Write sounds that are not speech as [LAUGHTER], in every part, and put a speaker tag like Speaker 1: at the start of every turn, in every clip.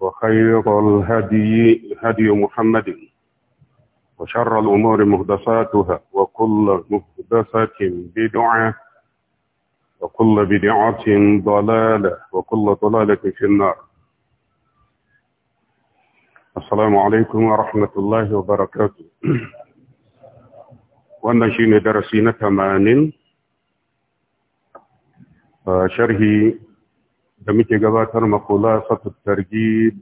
Speaker 1: وخير الهدي هدي محمد وشر الأمور مهدساتها وكل مهدسة بدعة وكل بدعة ضلالة وكل ضلالة في النار السلام عليكم ورحمة الله وبركاته wannan shi ne darasi da muke gabatar makula satu targib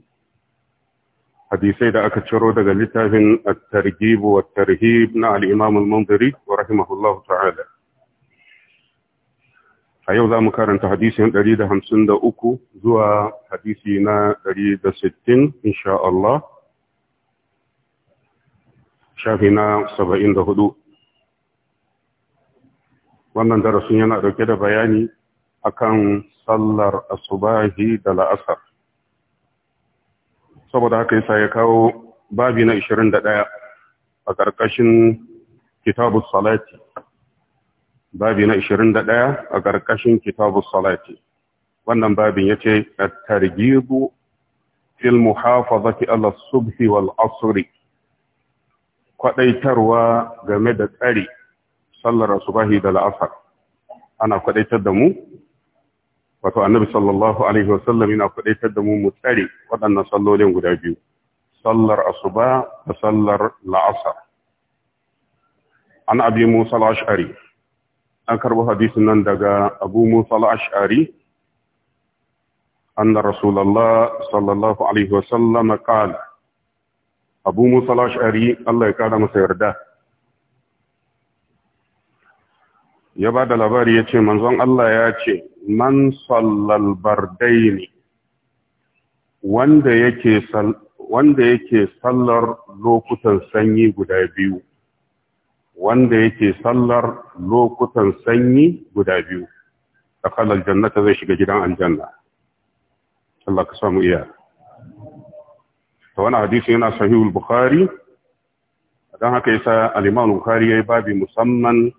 Speaker 1: hadisai da aka ciro daga littafin at-targhib wa tarhib na al-imam al-munziri wa rahimahullahu ta'ala a yau za mu karanta hadisin 153 zuwa hadisi na 160 insha Allah shafi na 74 wannan darasin yana dauke da bayani akan sallar asubahi da la'asar saboda haka yasa ya kawo babi na 21 a ƙarƙashin kitabu salati babi na 21 a ƙarƙashin kitabu salati wannan babin yace at targibu fil muhafazati ala subhi wal asri kwadaitarwa game da tsari sallar asubahi da la'asar ana kwadaitar da mu wato annabi sallallahu alaihi wasallam yana kudaitar da mu mu tsare waɗannan sallolin guda biyu sallar asuba da sallar la'asar an abi musa al-ash'ari an karbo hadisin nan daga abu musa al-ash'ari anna rasulullah sallallahu alaihi wasallam qala abu musa al-ash'ari Allah ya kara masa yarda ya ba da labari ya ce manzon Allah ya ce man sallal bardaini wanda yake wanda yake sallar lokutan sanyi guda biyu wanda yake sallar lokutan sanyi guda biyu dakhala jannata zai shiga gidan aljanna Allah ka samu iya to wani hadisi yana sahihul bukhari don haka yasa al-Imam Bukhari yayi babi musamman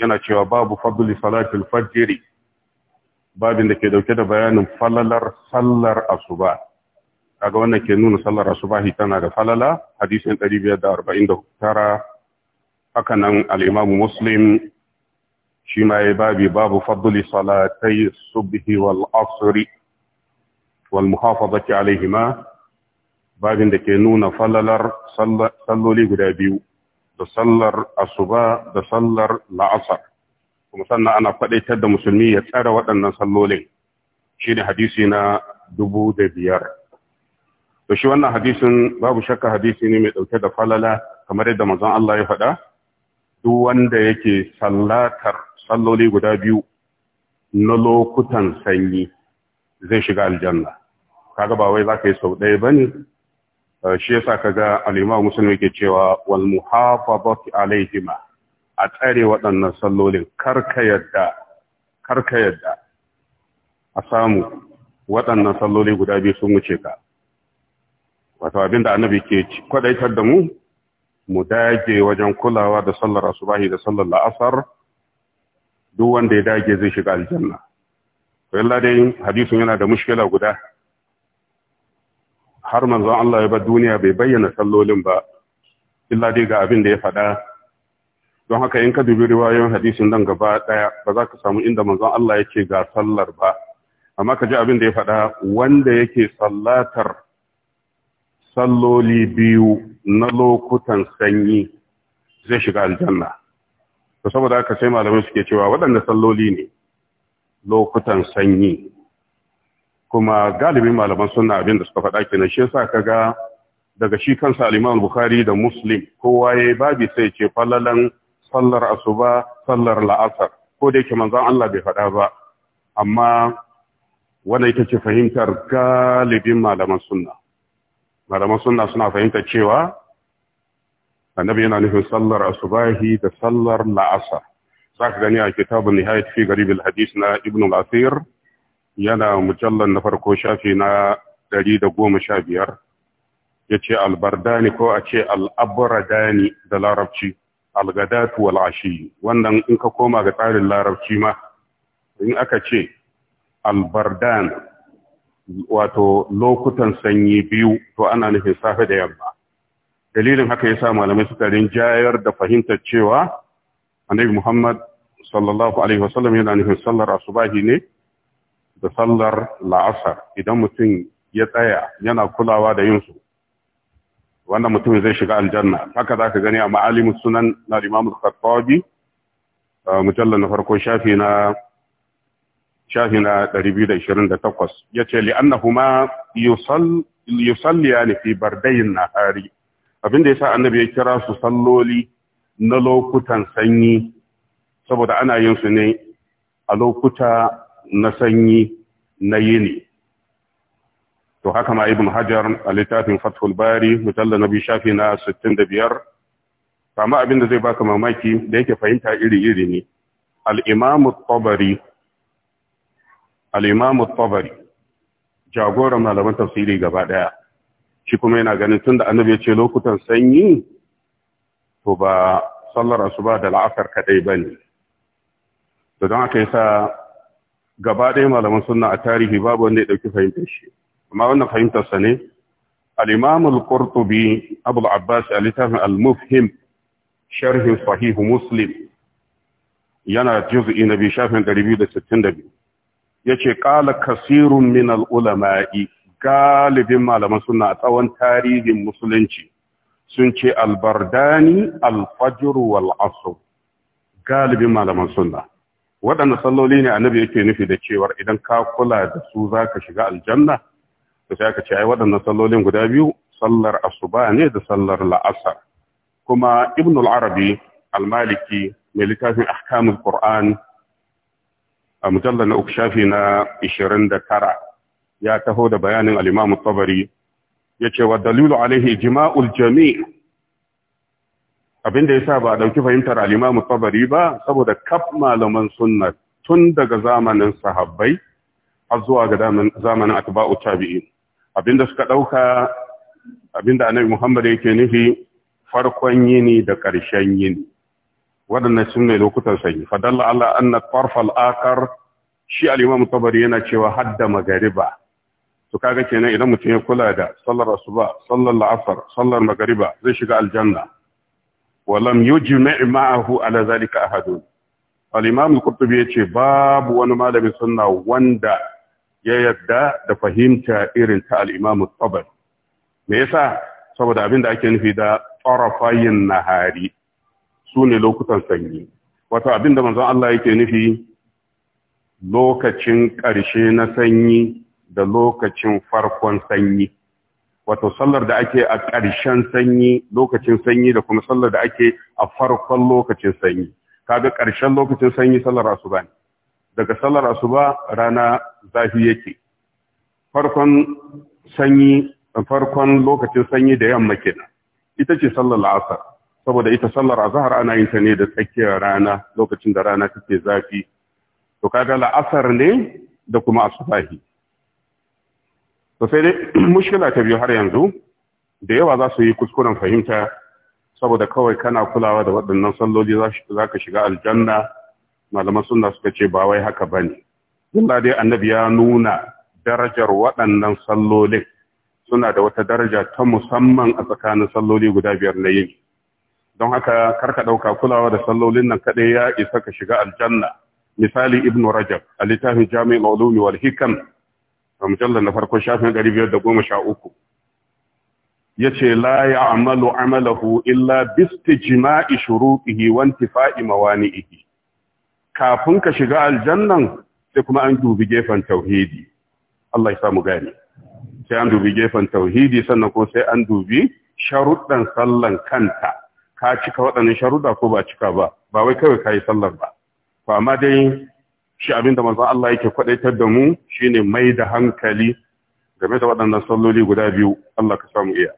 Speaker 1: yana cewa babu fadli salatul fajr babin da ke dauke da bayanin falalar sallar asuba kaga wannan ke nuna sallar asubahi tana da falala hadisin 549 haka nan al-imamu muslim shi ma ya babi babu fadli salatai subhi wal asri wal muhafazati alaihima babin da ke nuna falalar salloli guda biyu da sallar asuba da sallar la'asar kuma sannan ana faɗaitar da musulmi ya tsara waɗannan sallolin shine hadisi na dubu da biyar to shi wannan hadisin babu shakka hadisi ne mai ɗauke da falala kamar yadda manzon Allah ya faɗa duk wanda yake sallatar salloli guda biyu na lokutan sanyi zai shiga aljanna kaga ba wai zaka yi sau ɗaya bane Eh, shi yasa kaga alima Musulmi ke yake cewa wal muhafazati alaihima a tsare waɗannan sallolin karka yadda karka yadda a samu waɗannan salloli guda biyu sun wuce ka wato da annabi ke kwadaitar da mu mu dage wajen kulawa da sallar asubahi da sallar la'asar duk wanda ya dage zai shiga aljanna to yalla dai hadisin yana da mushkila guda har manzon Allah ya ba duniya bai bayyana sallolin ba illa dai ga abin da ya faɗa don haka in ka dubi riwayoyin hadisin nan gaba daya ba za ka samu inda manzon Allah yake ga sallar ba amma ka ji abin da ya faɗa wanda yake sallatar salloli biyu na lokutan sanyi zai shiga aljanna to saboda haka sai malamai suke cewa waɗanda salloli ne lokutan sanyi kuma galibin malaman sunna abin da suka faɗa kenan shi yasa kaga daga shi kansa al-Imam Bukhari da Muslim kowa yayi babi sai ce fallalan sallar asuba sallar la'asar ko da yake manzon Allah bai faɗa ba amma wannan ita ce fahimtar galibin malaman sunna malaman sunna suna fahimtar cewa annabi yana nufin sallar asubahi da sallar la'asar zaka gani a kitabun nihayat fi garib al-hadith na Ibn al-Athir yana mujallar na farko shafi na ɗari da goma sha biyar ya ce albardani ko a ce al'abradani da larabci algadatu wal'ashi wannan in ka koma ga tsarin larabci ma in aka ce albardan wato lokutan sanyi biyu to ana nufin safe da yamma dalilin haka ya sa malamai suka jayar da fahimtar cewa annabi muhammad sallallahu alaihi wasallam yana nufin sallar asubahi ne da sallar la'asar idan mutum ya tsaya yana kulawa da yinsu wannan mutum zai shiga aljanna haka za ka gani a ma'alimin sunan na al khattabi mujallar na farko shafi na shafi na 228 ya ce li'annahuma yusalliya ne fi bardayin nahari abinda ya sa annabi ya kira su salloli na lokutan sanyi saboda ana yin su ne a lokuta na sanyi na yini to haka ma ibn hajar a littafin fathul bari mujalla na biyu shafi na 65 kama abin da zai baka mamaki da yake fahimta iri-iri ne al'imamu tabari jagoran malaman tafsiri gaba ɗaya shi kuma yana ganin tun da annabi ya ce lokutan sanyi to ba sallar asuba da la'akar kaɗai ba ne da don haka yasa gaba ɗaya malaman sunna a tarihi babu wanda ya ɗauki fahimtar shi amma wannan fahimtar ne al qurtubi abul abbas al-litafin al-mufhim sharhin sahihu muslim yana juz'i na biyu shafin ya ce ƙala kasirun min al-ulama'i galibin malaman sunna a tsawon tarihin musulunci sun ce albardani alfajr wal galibin malaman sunna waɗanne salloli ne annabi yake nufi da cewar idan ka kula da su za ka shiga aljanna Da sai aka ce ai waɗannan sallolin guda biyu sallar asuba ne da sallar la'asar kuma ibn al-arabi al-maliki mai littafin ahkamul qur'an a mujallar na uku shafi na tara, ya taho da bayanin al-imam tabari ce wa dalilu alaihi jima'ul jami' abin da ya sa ba a ɗauki fahimtar al Tabari ba saboda kaf malaman sunna tun daga zamanin sahabbai har zuwa ga zamanin atba'u tabi'in abinda suka dauka abinda Annabi Muhammad yake nufi farkon yini da ƙarshen yini waɗannan sun ne lokutan sanyi fadalla Allah anna tarfal akar shi al Tabari yana cewa hadda magariba to kaga kenan idan mutum ya kula da sallar asuba sallar la'asar sallar magariba zai shiga aljanna walam yujma' ma'ahu ala zalika ahadun al-imam al-qurtubi yace babu wani malamin sunna wanda ya yarda da fahimta irin ta al-imam at-tabari me yasa saboda abinda ake nufi da yin tarafayin nahari sune lokutan sanyi wato abinda manzon Allah yake nufi lokacin ƙarshe na sanyi da lokacin farkon sanyi wato sallar da ake a ƙarshen sanyi lokacin sanyi da kuma sallar da ake a farkon lokacin sanyi kaga ƙarshen lokacin sanyi sallar asuba ne daga sallar asuba rana zafi yake farkon sanyi farkon lokacin sanyi da yamma kenan ita ce sallar la'asar saboda ita sallar azhar ana yin ta ne da tsakiyar rana lokacin da rana take zafi to kaga la'asar ne da kuma asubahi to sai dai [CLEARS THROAT] mushkila ta biyu har yanzu da yawa za su yi kuskuren fahimta saboda kawai kana kulawa da waɗannan salloli za ka shiga aljanna malaman suna suka ce ba wai haka ba ne illa dai annabi ya nuna darajar waɗannan sallolin suna da wata daraja ta musamman a tsakanin salloli guda biyar na yin don haka karka ɗauka kulawa da sallolin nan kaɗai ya isa ka shiga aljanna misali ibnu rajab a littafin jami'in ulumi wal hikam a mujallar na farko shafin biyar da goma sha uku. Ya ce la ya amalu amalahu illa jima'i ihi wanti fa'i mawani ihi. kafin ka shiga aljannan sai kuma an dubi gefen tauhidi Allah ya mu gani sai an dubi gefen tauhidi sannan ko sai an dubi sharuɗan sallan kanta ka cika waɗannan sharuɗa ko ba cika ba ba wai kawai ka yi sallar ba Ba amma dai shi abinda manzo Allah yake kwadaitar da mu shine mai da hankali game da waɗannan salloli guda biyu Allah ka samu iya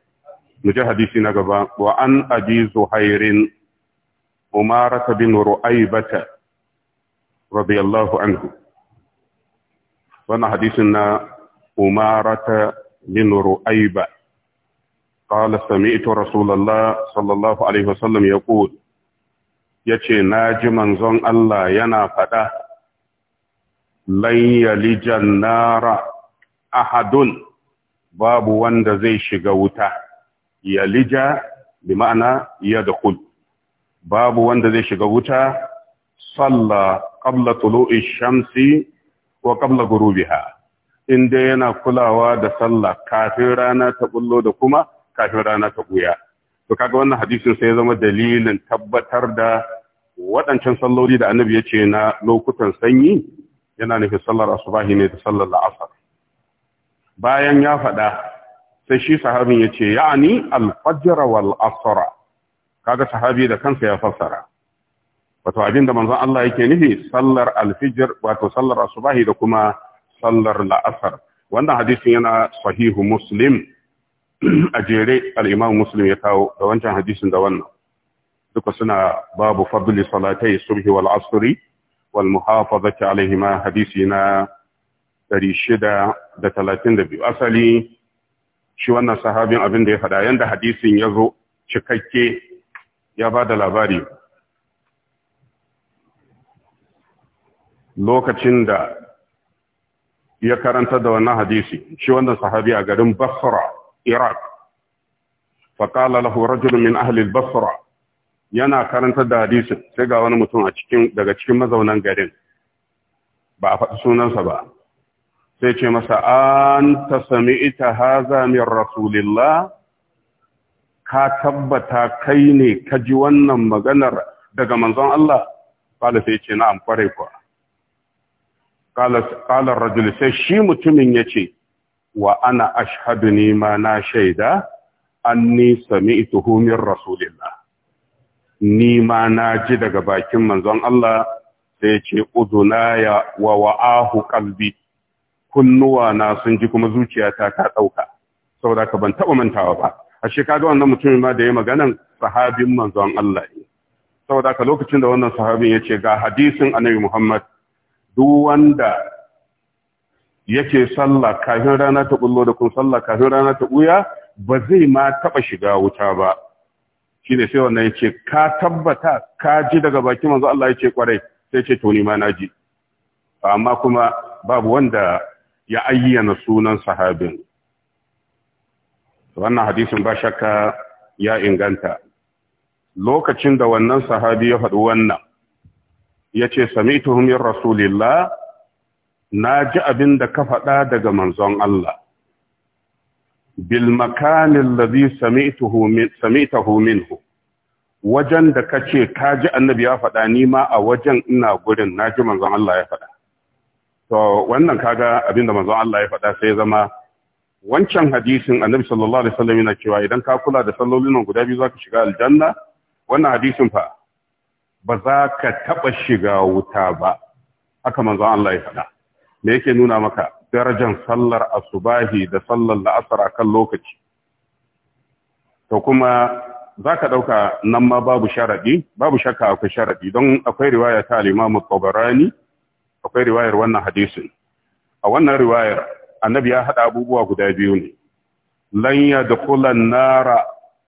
Speaker 1: mu ji hadisi na gaba wa an abi zuhairin umarat bin ru'aybata radiyallahu anhu wannan hadisin na umarat bin ru'ayba قال سمعت رسول الله صلى الله عليه وسلم يقول يتي ناجي منزون الله ينا فدا lai yalijan nara ahadun babu wanda zai shiga wuta yalija bi ma'ana yadkhul babu wanda zai shiga wuta salla qabla tulu'i shamsi wa qabla ghurubiha inda yana kulawa da sallah kafin rana ta bullo da kuma kafin rana ta buya to kaga wannan hadisin sai ya zama dalilin tabbatar da waɗancan salloli da annabi ya ce na lokutan sanyi yana nufin sallar asubahi ne da sallar la'asar bayan ya faɗa sai shi sahabin ya ce ya'ani alfajr wal asr kaga sahabi da kansa ya fassara wato abin da manzon Allah yake nufi sallar alfijir wato sallar asubahi da kuma sallar la'asar wannan hadisin yana sahihu muslim a jere al muslim ya kawo da wancan hadisin da wannan duka suna babu fadli salatai subhi wal asri والمحافظة عليهما حديثنا dari shida da talatin da biyu asali shi wannan sahabin abin da ya faɗa yadda hadisin ya zo cikakke ya ba da labari lokacin da ya karanta da wannan hadisi shi wannan sahabi a garin basra iraq faƙala lahu rajulun min ahli basra yana karantar da hadisin sai ga wani mutum a cikin daga cikin mazaunan garin ba a faɗi sunansa ba sai ce masa an ta sami ita haza min rasulillah ka tabbata kai ne ka ji wannan maganar daga manzon Allah kala sai ce na amfare kuwa kala rajul sai shi mutumin ya ce. wa ana ashhadu ni ma na shaida An ni sami ita humin rasulillah ni ma na ji daga bakin manzon Allah sai ce uduna ya wa wa'ahu kalbi. kunnuwa na sun ji kuma zuciyata ta ɗauka. saboda ka ban taɓa mantawa ba ashe shekaru wannan mutumin ma da ya maganan sahabin manzon Allah ne saboda ka lokacin da wannan sahabin ya ce ga hadisin annabi Muhammad duk wanda yake sallah kafin rana ta bullo da kun sallah kafin rana ta buya ba zai ma taɓa shiga wuta ba shi ne sai wannan ya ce ka tabbata ka ji daga bakin manzo Allah ya ce kwarai sai ce to ni ma na ji amma kuma babu wanda ya ayyana sunan sahabin wannan hadisin ba shakka ya inganta lokacin da wannan sahabi ya faɗi wannan ya ce sami tuhumin rasulillah na ji abin da ka faɗa daga manzon Allah بالمكان الذي سمعته من min منه wajen da kace kaji annabi ya faɗa ni ma a wajen ina gurin naji manzon Allah ya faɗa to wannan kaga abinda manzon Allah ya faɗa sai zama wancan hadisin annabi sallallahu alaihi wasallam yana cewa idan ka kula da sallolin guda biyu zaka shiga aljanna wannan hadisin fa ba za ka taɓa shiga wuta ba haka manzon Allah ya faɗa me yake nuna maka Darajan sallar asubahi da sallar la'asar a kan lokaci to kuma za ka ɗauka nan ma babu sharaɗi babu shakka akwai sharaɗi don akwai riwaya ta alimamu tsobarani akwai riwayar wannan hadisin a wannan riwayar annabi ya haɗa abubuwa guda biyu ne lan ya da kulan nara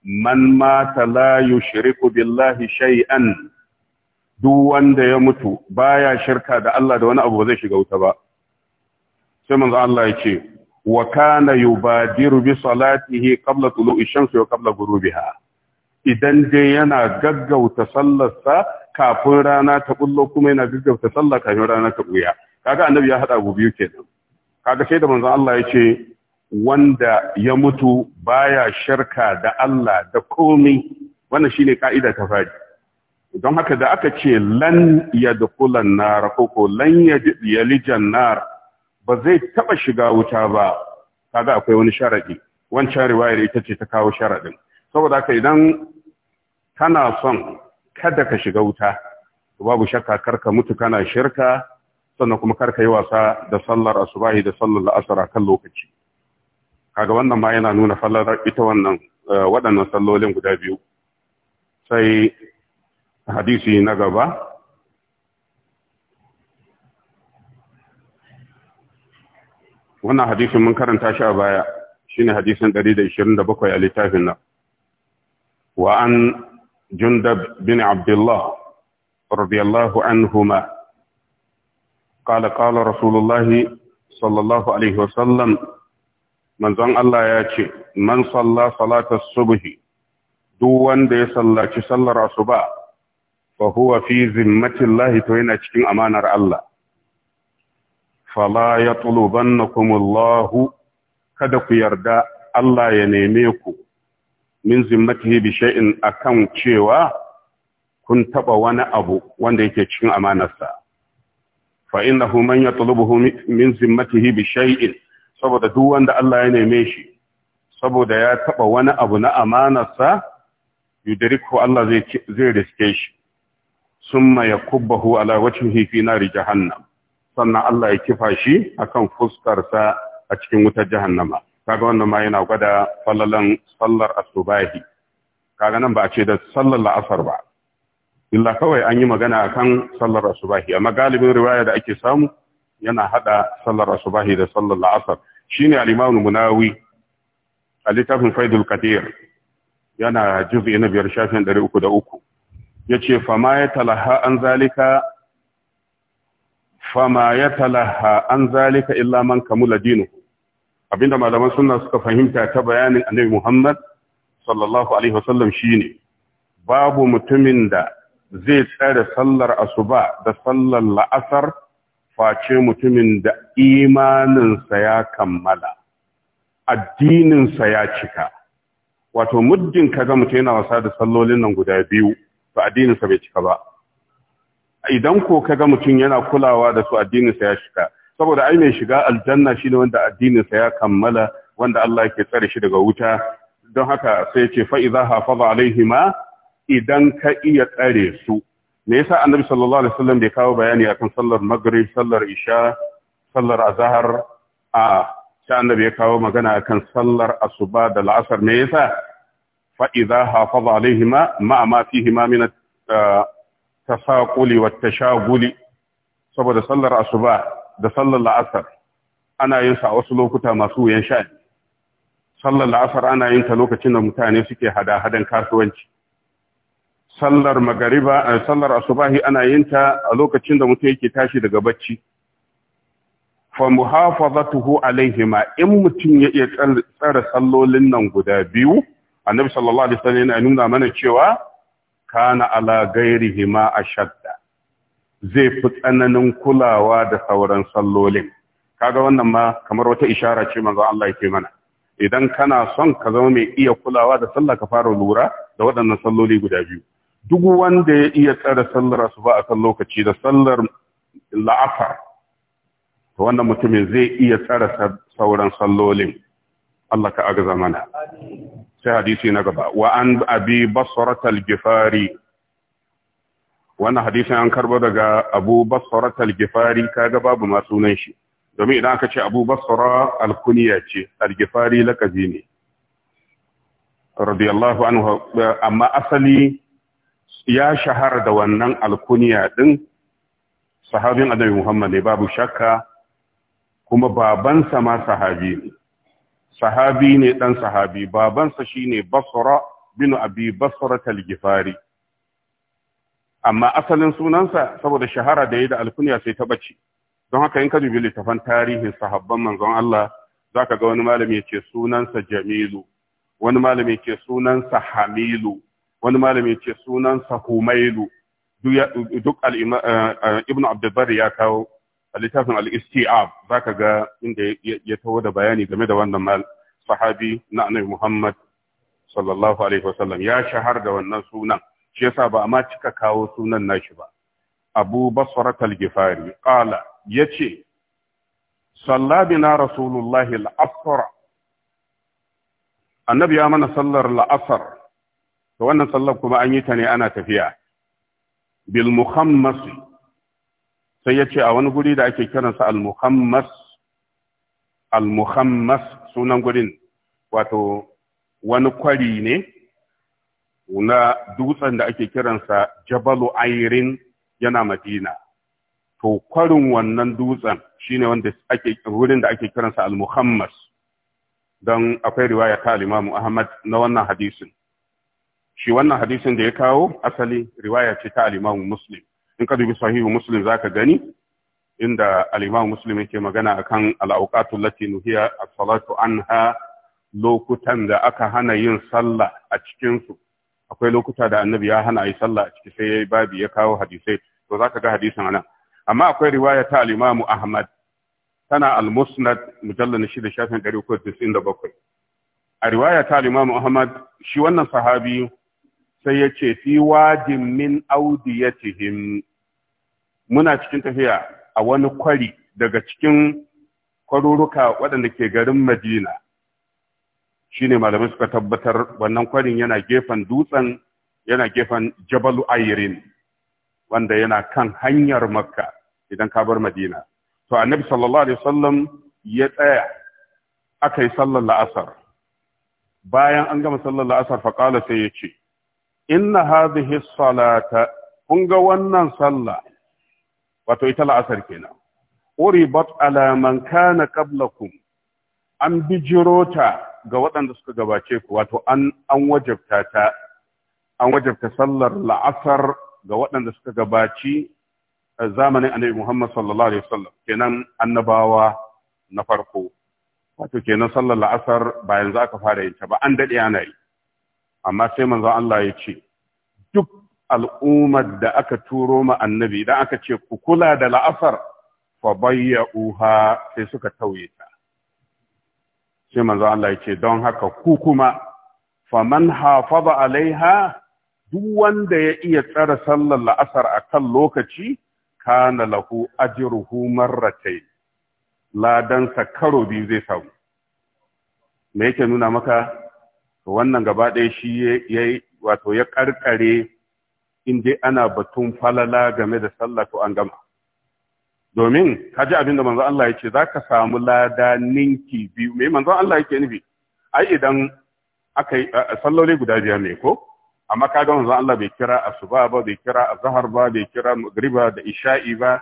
Speaker 1: man mata la yushriku billahi shay'an duk wanda ya mutu baya shirka da Allah da wani abu ba zai shiga wuta ba sai manzo Allah ya ce wa kana yubadiru bi salatihi qabla tulu'i shamsi wa qabla ghurubiha idan dai yana gaggauta sa kafin rana ta bullo kuma yana gaggauta sallar kafin rana ta buya kaga annabi ya hada gobe kenan kaga sai da manzo Allah ya wanda ya mutu baya shirka da Allah da komai wannan shine kaida ta fadi don haka da aka ce lan yadkhulan nar ko ko lan yalijan nar ba zai taba shiga wuta ba kaga akwai wani sharadi wancan riwayar ita ce ta kawo sharadin saboda haka idan kana son kada ka shiga wuta babu shakka karka mutu kana shirka sannan kuma karka yi wasa da sallar asubahi da sallar la'asar a kan lokaci kaga wannan ma yana nuna fallar ita wannan eh, waɗannan sallolin guda biyu sai hadisi na gaba wannan hadisin mun karanta shi a baya shine hadisin 127 a littafin nan wa an jundab bin abdullah radiyallahu anhuma قال قال رسول Sallallahu alaihi wa sallam. وسلم Allah ya ce. ياتي من صلى صلاة Duk wanda ya sallaci sallar asuba. فهو في ذمة الله yana cikin amanar Allah fala يطلبنكم الله kada ku yarda Allah ya neme ku min zimmatihi bi shay'in akan cewa kun taba wani abu wanda yake cikin amanarsa fa innahu man yatlubuhu min zimmatihi bi shay'in saboda duk wanda Allah ya neme shi saboda ya taba wani abu na amanarsa yudriku Allah zai zai riske shi summa yakubbahu ala wajhihi fi nari jahannam sannan Allah ya kifa shi akan fuskarsa a cikin wutar jahannama kaga wannan ma yana gwada fallalan sallar asubahi kaga nan ba a ce da sallar la'asar ba illa kawai an yi magana akan sallar asubahi amma galibin riwaya da ake samu yana haɗa sallar asubahi da sallar la'asar shine ne imamu munawi a littafin faidul qadir yana juz'i na biyar shafin 303 yace fa ma ya talaha an zalika fama ya talaha an zalika illa man kamula dinu abinda malaman sunna suka fahimta ta bayanin annabi Muhammad sallallahu alaihi wasallam shine babu mutumin da zai tsare sallar asuba da sallar la'asar face mutumin da imaninsa ya kammala addininsa ya cika wato muddin kaga mutum yana wasa da sallolin nan guda biyu to addininsa bai cika ba idan ko ka ga mutum yana kulawa da su addininsa ya shiga saboda ai mai shiga aljanna shine wanda addininsa ya kammala wanda Allah yake tsare shi daga wuta don haka sai ce fa idza hafaza alaihima idan ka iya tsare su me yasa annabi sallallahu alaihi wasallam bai kawo bayani akan sallar maghrib sallar isha sallar azhar a sai annabi ya kawo magana akan sallar asuba da la'asar me yasa fa idza hafaza alaihima ma ma fihima min eh, tasaquli wat tashaguli saboda sallar asuba da sallar la'asar ana yin sa a wasu lokuta masu wuyan sha'ani sallar la'asar ana yin ta lokacin da mutane suke hada-hadan kasuwanci sallar magariba eh, sallar asubahi ana yin ta a lokacin da mutum yake tashi daga bacci fa muhafazatuhu alaihima in mutum ya iya tsare sallolin nan guda biyu annabi sallallahu alaihi wasallam yana nuna mana cewa kana ala hima a Shadda. zai fi tsananin kulawa da sauran sallolin kaga wannan ma kamar wata ishara ce manzo Allah yake mana idan kana son ka zama mai iya kulawa da sallah ka fara lura da waɗannan salloli guda biyu duk wanda ya iya tsara sallar asuba a kan lokaci da sallar la'afar to wannan mutumin zai iya tsara sauran sallolin Allah ka agaza mana sai hadisi na gaba wa an abi basrat gifari wannan hadisin an karbo daga abu basrat gifari kaga babu ma sunan shi domin idan aka ce abu basra ce algifari lakazi lakabi ne radiyallahu anhu amma asali ya shahara da wannan alkuniya din sahabin annabi Muhammad ne babu shakka kuma babansa ma sahabi ne sahabi ne dan sahabi babansa shine basra bin abi basra talgifari amma asalin sunansa saboda shahara da yayi da alkunya sai ta bace don haka in ka dubi littafan tarihin sahabban manzon Allah za ka ga wani malami yace sunansa Jamilu wani malami yace sunansa Hamilu wani malami yace sunansa Humailu duk eh, eh, ibn abdulbar ya kawo a littafin al-istiab zaka ga inda ya taho da bayani game da wannan mal sahabi na annabi Muhammad sallallahu alaihi wasallam ya shahar da wannan sunan shi yasa ba ma cika kawo sunan nashi ba Abu Basra al-Ghifari qala yace salla bina rasulullahi al-asr annabi ya mana sallar al-asr to wannan sallar kuma an yi ta ne ana tafiya bil muhammasi sai ya ce a wani guri da ake kiransa al-muhammas al-muhammas sunan gurin wato wani kwari ne na dutsen da ake kiransa jabalu ayirin yana madina to kwarin wannan dutsen shine wanda ake gurin da ake kiransa al-muhammas don akwai riwaya ta al-imamu ahmad na wannan hadisin shi wannan hadisin da ya kawo asali riwaya ce ta al-imamu muslim in ka dubi sahihu muslim zaka gani inda al-imam muslim yake magana akan al-awqatul lati nuhiya as-salatu anha lokutan da aka hana yin sallah a cikin su akwai lokuta da annabi ya hana yi sallah a ciki sai yayi babi ya kawo hadisai to zaka ga hadisin nan amma akwai riwaya ta al-imam ahmad tana al-musnad mujallal shida shafin bakwai. a riwaya ta al-imam ahmad shi wannan sahabi sai ya ce fi wajin min audiyatihim muna cikin tafiya a wani kwari daga cikin kwaruruka waɗanda ke garin Madina ne malamai suka tabbatar wannan kwarin yana gefen dutsen yana gefen Jabalu ayirin wanda yana kan hanyar Makka idan ka bar Madina to annabi sallallahu alaihi wasallam ya tsaya aka yi sallar la'asar bayan an gama sallar la'asar faƙala sai ya ce inna hadhihi salata kun ga wannan sallah wato ita la'asar kenan uribat ala man kana qablakum an bijiro ta ga waɗanda suka gabace ku wato an an wajabta ta an wajabta sallar la'asar ga waɗanda suka gabaci eh, zamanin annabi Muhammad sallallahu alaihi wasallam kenan annabawa na farko wato kenan sallar la'asar ba yanzu aka fara yin ta ba an dade ana yi amma sai manzo Allah ya ce duk al'ummar da aka turo ma annabi idan aka ce ku kula da la'asar fa bayyuha sai suka tauye ta sai manzo Allah ya ce don haka ku kuma faman hafaza alaiha duk wanda ya iya tsara sallar la'asar akan lokaci kana lahu ajruhu marratayn ladansa karo biyu zai samu me yake nuna maka to wannan gaba ɗaya shi ya wato ya karkare in dai ana batun falala game da sallah to an gama domin ka ji abin da manzo Allah ya ce za ka samu lada ninki biyu me manzo Allah yake nufi ai idan aka yi eh, salloli guda biyar ne ko amma kaga manzon Allah bai kira asuba ba bai kira azhar ba bai kira magriba da isha'i ba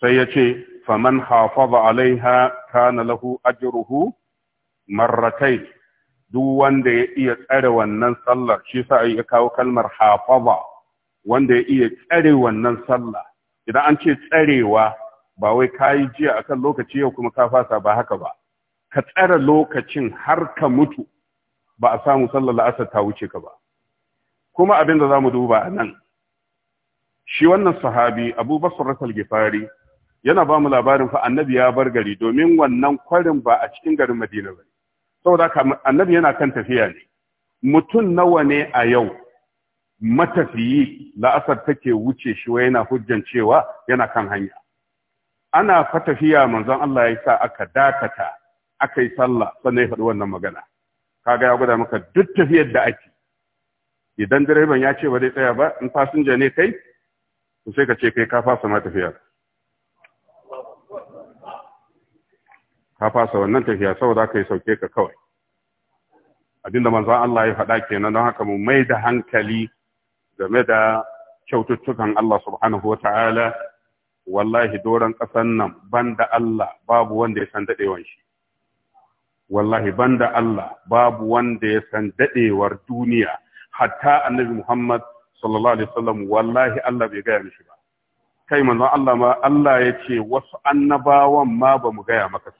Speaker 1: sai ya ce faman hafaza alaiha kana lahu ajruhu marratayn duk wanda ya iya tsare wannan sallar shi sa ya kawo kalmar hafaza wanda ya iya tsare wannan sallah idan an ce tsarewa ba wai kayi jiya akan lokaci yau kuma ka fasa ba haka ba ka tsare lokacin har ka mutu ba a samu sallar la'asar ta wuce ka ba kuma abin da zamu duba a nan shi wannan sahabi abubakar rasal gifari yana ba mu labarin fa annabi ya bar gari domin wannan kwarin ba a cikin garin madina ba ne saboda annabi yana kan tafiya ne mutum nawa ne a yau matafiyi la'asar take wuce shi wa yana hujjan cewa yana kan hanya ana fa tafiya manzon Allah ya sa aka dakata aka yi sallah sannan ya faɗi wannan magana kaga ya gwada maka duk tafiyar da ake idan direban ya ce ba zai tsaya ba in fasinja ne kai sai ka ce kai ka fasa ma tafiyar ka fasa wannan tafiya saboda aka yi sauke ka kawai abinda manzon Allah ya faɗa kenan don haka mu mai da hankali game da kyaututtukan Allah subhanahu wa ta'ala wallahi doron ƙasan nan banda Allah babu wanda ya san daɗewan shi wallahi banda Allah babu wanda ya san daɗewar duniya hatta annabi Muhammad sallallahu alaihi wasallam wallahi Allah bai gaya mishi ba kai manzon Allah ma Allah ya ce wasu annabawan ma ba mu gaya maka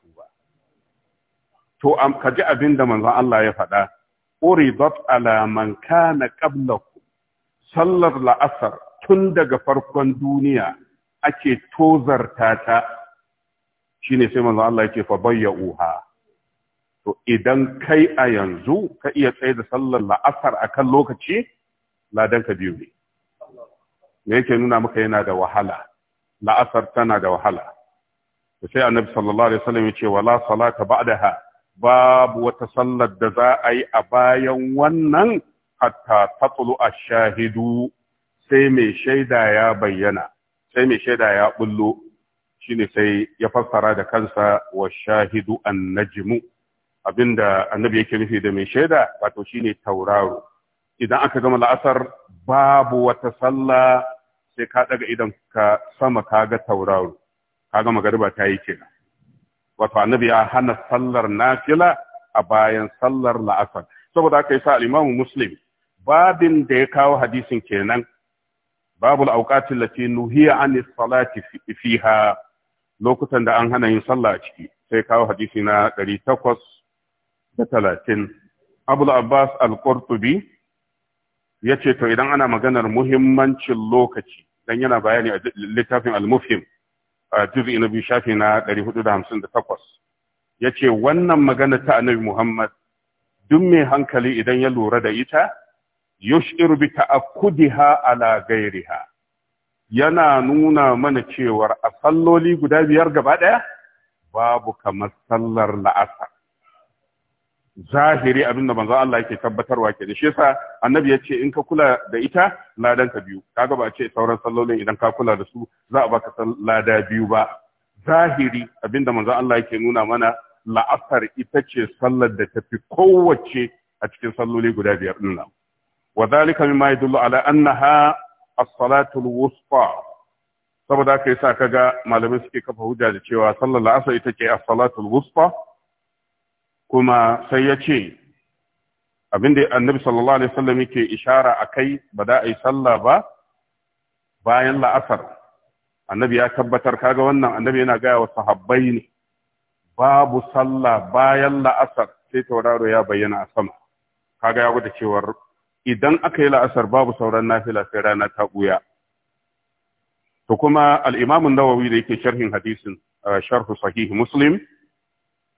Speaker 1: to ka ji abin da manzon Allah ya faɗa uridat ala man kana qablakum sallar la'asar tun daga farkon duniya ake tozarta ta shine sai manzon Allah yake fa bayyuha to idan kai a yanzu ka iya tsaye da sallar la'asar akan lokaci ladan ka biyu ne me yake nuna maka yana da wahala la'asar tana da wahala sai annabi sallallahu alaihi wasallam ya wala salata ba'daha babu wata sallar da za a yi a bayan wannan hatta tatlu ash-shahidu sai mai shaida ya bayyana sai mai shaida ya bullo shine sai ya fassara da kansa wa shahidu an abinda annabi yake nufi da mai shaida wato shine tauraro idan aka gama la'asar babu wata salla sai ka daga idan ka sama kaga tauraro ka kaga magariba ta yi kenan wato annabi ya hana sallar nafila a bayan sallar la'asar saboda aka yi sa al muslim babin da ya kawo hadisin kenan babu al lati nuhiya an salati fiha lokutan da an hana yin sallah a ciki sai kawo hadisi na 830 abul abbas al-qurtubi yace to idan ana maganar muhimmancin lokaci dan yana bayani a littafin al juz'i na biyu shafi na Ya ce wannan magana ta annabi Muhammad duk mai hankali idan ya lura da ita yush'iru bi ta'akkudiha ala ha. yana nuna mana cewar a salloli guda biyar gaba daya babu kamar sallar la'asar zahiri abinda da manzo Allah yake tabbatarwa ke da shi yasa annabi ya ce in ka kula da ita ladan ka biyu kaga ba ce sauran sallolin idan ka kula da su za a baka lada biyu ba zahiri abinda da manzo Allah yake nuna mana la'asar ita ce sallar da tafi kowace a cikin salloli guda biyar din nan wa zalika mimma yadullu ala annaha as-salatu wusta saboda kai sa kaga malamai suke kafa hujja da cewa sallar la'asar ita ce as-salatu al-wusta kuma sai ya ce abinda annabi sallallahu alaihi wasallam yake ishara a kai ba da a yi sallah ba bayan la'asar annabi ya tabbatar kaga wannan annabi yana gaya wa sahabbai ne babu sallah bayan la'asar sai tauraro ya bayyana a sama kaga ya gwada cewar idan aka yi la'asar babu sauran nafila sai rana ta buya to kuma al-imamu nawawi da yake sharhin hadisin uh, sharhu sahih muslim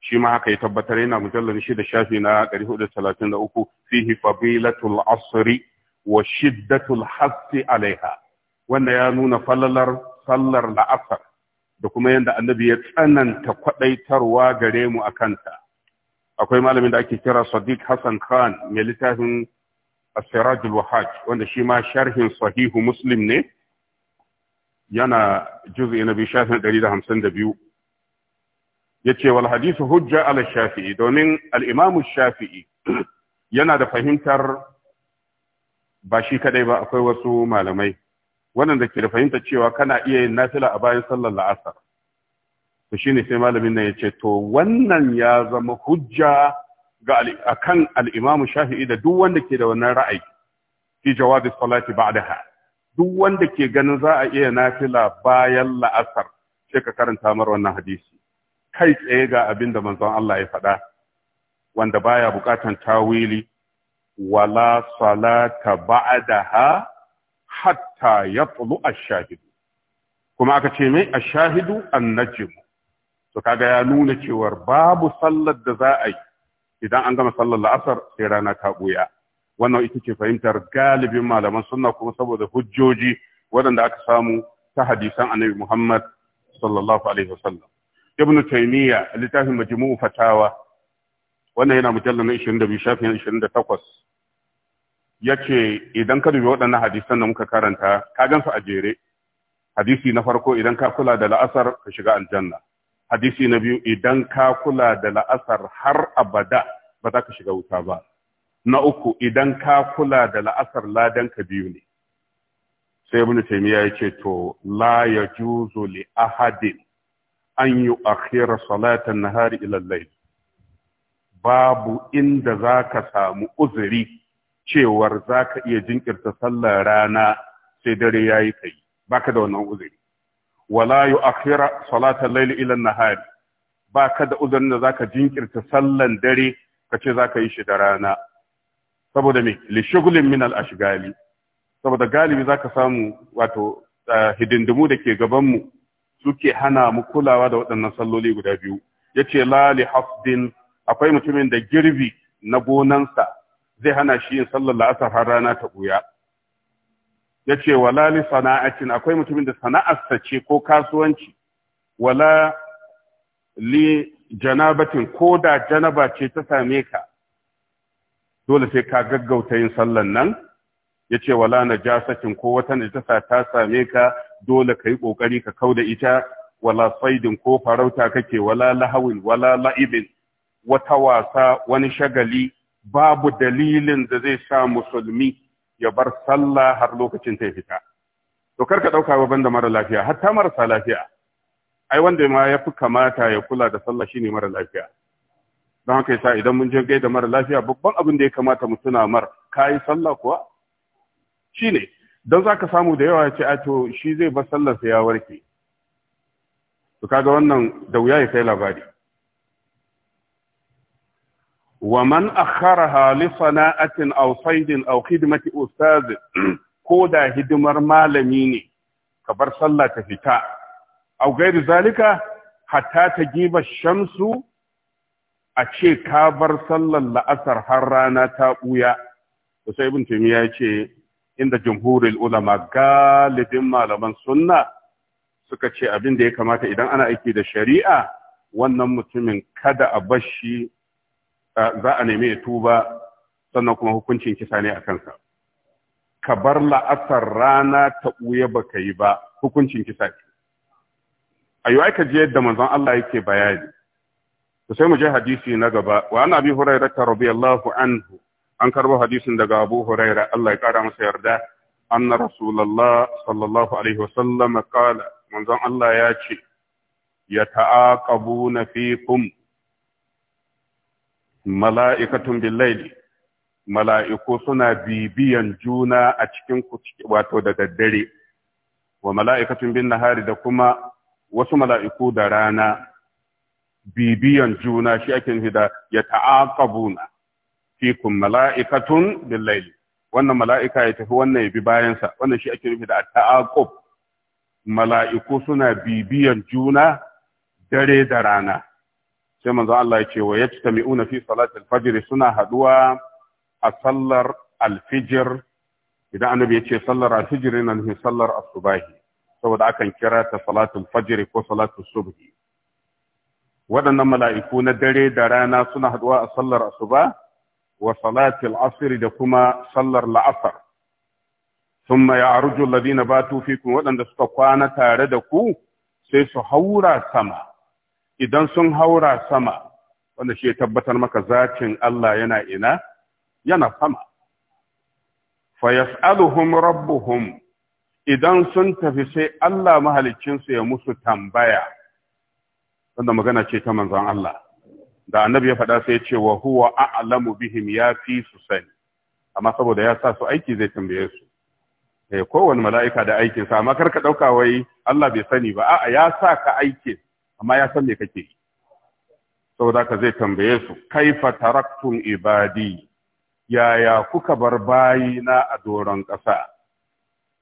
Speaker 1: shi ma haka ya tabbatar yana mujallar shi da shafi na uku. fihi fadilatul asri wa shiddatul hasi alaiha wanda ya nuna falalar sallar la'asar da kuma yadda annabi ya tsananta kwadaitarwa gare mu kanta. akwai malamin da ake kira Sadiq Hassan Khan mai littafin Asirajul Wahaj wanda shi ma sharhin sahihu Muslim ne yana juz'i na biyu shafin biyu. yace wal hadisu hujja ala shafi'i domin al-imamu shafi'i [CLEARS THROAT] yana da fahimtar ba shi kadai ba akwai wasu malamai waɗanda ke da fahimta cewa kana iya yin nafila a bayan sallar la'asar to shine sai malamin nan yace to wannan ya zama hujja ga akan al-imamu shafi'i da duk wanda ke da wannan ra'ayi fi jawabi salati ba'daha duk wanda ke ganin za a iya nafila bayan la'asar sai ka karanta mar wannan hadisi kai tsaye ga abin da manzon Allah ya faɗa wanda baya bukatan tawili wala salata ha, hatta yatlu ash-shahidu kuma aka ce mai ashahidu shahidu an-najm to kaga ya nuna cewar babu sallar da za a yi idan an gama sallar la'asar sai rana ta buya wannan ita ce fahimtar galibin malaman sunna kuma saboda hujjoji waɗanda aka samu ta hadisan annabi Muhammad sallallahu alaihi wasallam ibn taymiya littafin majmu'u fatawa wannan yana mujallal na 22 shafin 28 yace idan ka dubi waɗannan hadisan da muka karanta ka gansu a jere hadisi na farko idan ka kula da la'asar ka shiga aljanna hadisi na biyu idan ka kula da la'asar har abada ba za ka shiga wuta ba na uku idan ka kula da la'asar ladan ka biyu ne sai ibn taymiya yace to la yajuzu li ahadin an yi akhira salatan nahari ilallai babu inda zaka samu uzuri cewar zaka iya jinkirta sallar rana sai dare ya yi kai baka da wannan uzuri wala yu akhira salatan laili ila nahari baka da uzurin da zaka jinkirta sallan dare kace zaka yi shi da rana saboda me li shughlin min al ashgali saboda galibi zaka samu wato eh, hidindimu da ke gaban mu suke hana mu kulawa da waɗannan salloli guda biyu Ya ce, li hafdin akwai mutumin da girbi na gonansa zai hana shi yin sallar la'asar har rana ta buya yace wa lali sana'atin akwai mutumin da sana'arsa ce ko kasuwanci wala li janabatin ko da janaba ce ta same ka dole sai ka gaggauta yin sallar nan ya ce wala na ja sakin. ko wata najasa ta same ka dole ka yi ƙoƙari ka kau da ita wala saidin ko farauta kake wala lahawin wala la'ibin wata wasa wani shagali babu dalilin da zai sa musulmi ya bar sallah har lokacin ta fita to karka ɗauka ba banda mara lafiya hatta marasa lafiya ai wanda ma yafi kamata ya kula da sallah shine mara lafiya don haka yasa idan mun je gaida mara lafiya babban abin da ya kamata mu tuna mar kai sallah kuwa Shi ne, don za ka samu da yawa ce a to shi zai bar sallarsa ya warke to kaga wannan da wuya ya kai labari wa man akharaha li sana'atin aw saydin aw khidmati ustaz [CLEARS THROAT] ko da hidimar malami ne ka bar sallah ta fita aw gairi zalika hatta ta giba shamsu a ce ka bar sallar la'asar har rana ta ɓuya Wasu sai ibn ce inda jumhurul ulama galibin malaman sunna suka ce abin da ya kamata idan ana aiki da shari'a wannan mutumin kada a bashi za a nemi ya tuba sannan kuma hukuncin kisa ne a kansa ka bar la'asar rana ta ɓuya ba ka yi ba hukuncin kisa ne a yi aika yadda manzon Allah yake bayani to sai mu je hadisi na gaba wa ana bi hurairata radiyallahu anhu an karbo hadisin daga Abu Huraira Allah ya kara masa yarda anna rasulullah sallallahu alaihi wasallam qala manzon Allah ya ce ya ta'aqabuna fikum mala'ikatun billayli mala'iku suna bibiyan juna a cikin ku wato da daddare wa mala'ikatun bin nahari da kuma wasu mala'iku da rana bibiyan juna shi ake nufi da ya ta'aqabuna fikum mala'ikatun bil wannan mala'ika ya tafi wannan ya bi bayansa wannan shi ake nufi da ta'aqub mala'iku suna bibiyan juna dare da rana sai manzo Allah ya ce wa yajtami'una fi salati al suna haduwa a sallar alfijir idan annabi ya ce sallar alfijir fijr yana nufin sallar asubahi saboda akan kira ta salatul fajiri ko salatul subhi waɗannan mala'iku na dare da rana suna haduwa a sallar asuba wa salatil da kuma sallar la'asar thumma ya'ruju Ladina ba fikum waɗanda suka kwana tare da ku sai su haura sama idan sun haura sama wanda shi ya tabbatar maka zakin Allah yana ina yana sama fa yas'aluhum rabbuhum idan sun tafi sai Allah mahaliccinsu ya musu tambaya wanda magana ce ta manzon Allah da annabi ya faɗa sai ya ce wa huwa a'lamu bihim ya fi su sani amma saboda ya sa su aiki zai tambaye su eh kowane mala'ika da aikin sa amma karka dauka wai Allah bai sani ba a'a ya sa ka aiki amma ya san me kake yi saboda ka zai tambaye su kaifa taraktum ibadi yaya kuka bar bayina a doron ƙasa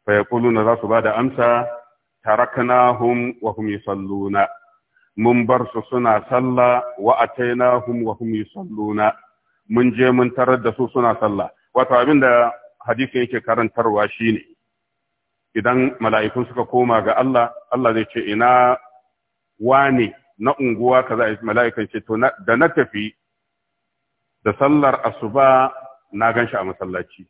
Speaker 1: fa yaquluna za su bada amsa taraknahum wa hum yusalluna mun bar su suna sallah wa atainahum wa hum yusalluna mun je mun tarar da su suna sallah wato abin da hadisi yake karantarwa shine idan mala'ikun suka koma ga Allah Allah zai ce ina wane na unguwa kaza mala'ikan ce to da na tafi da sallar asuba na ganshi a masallaci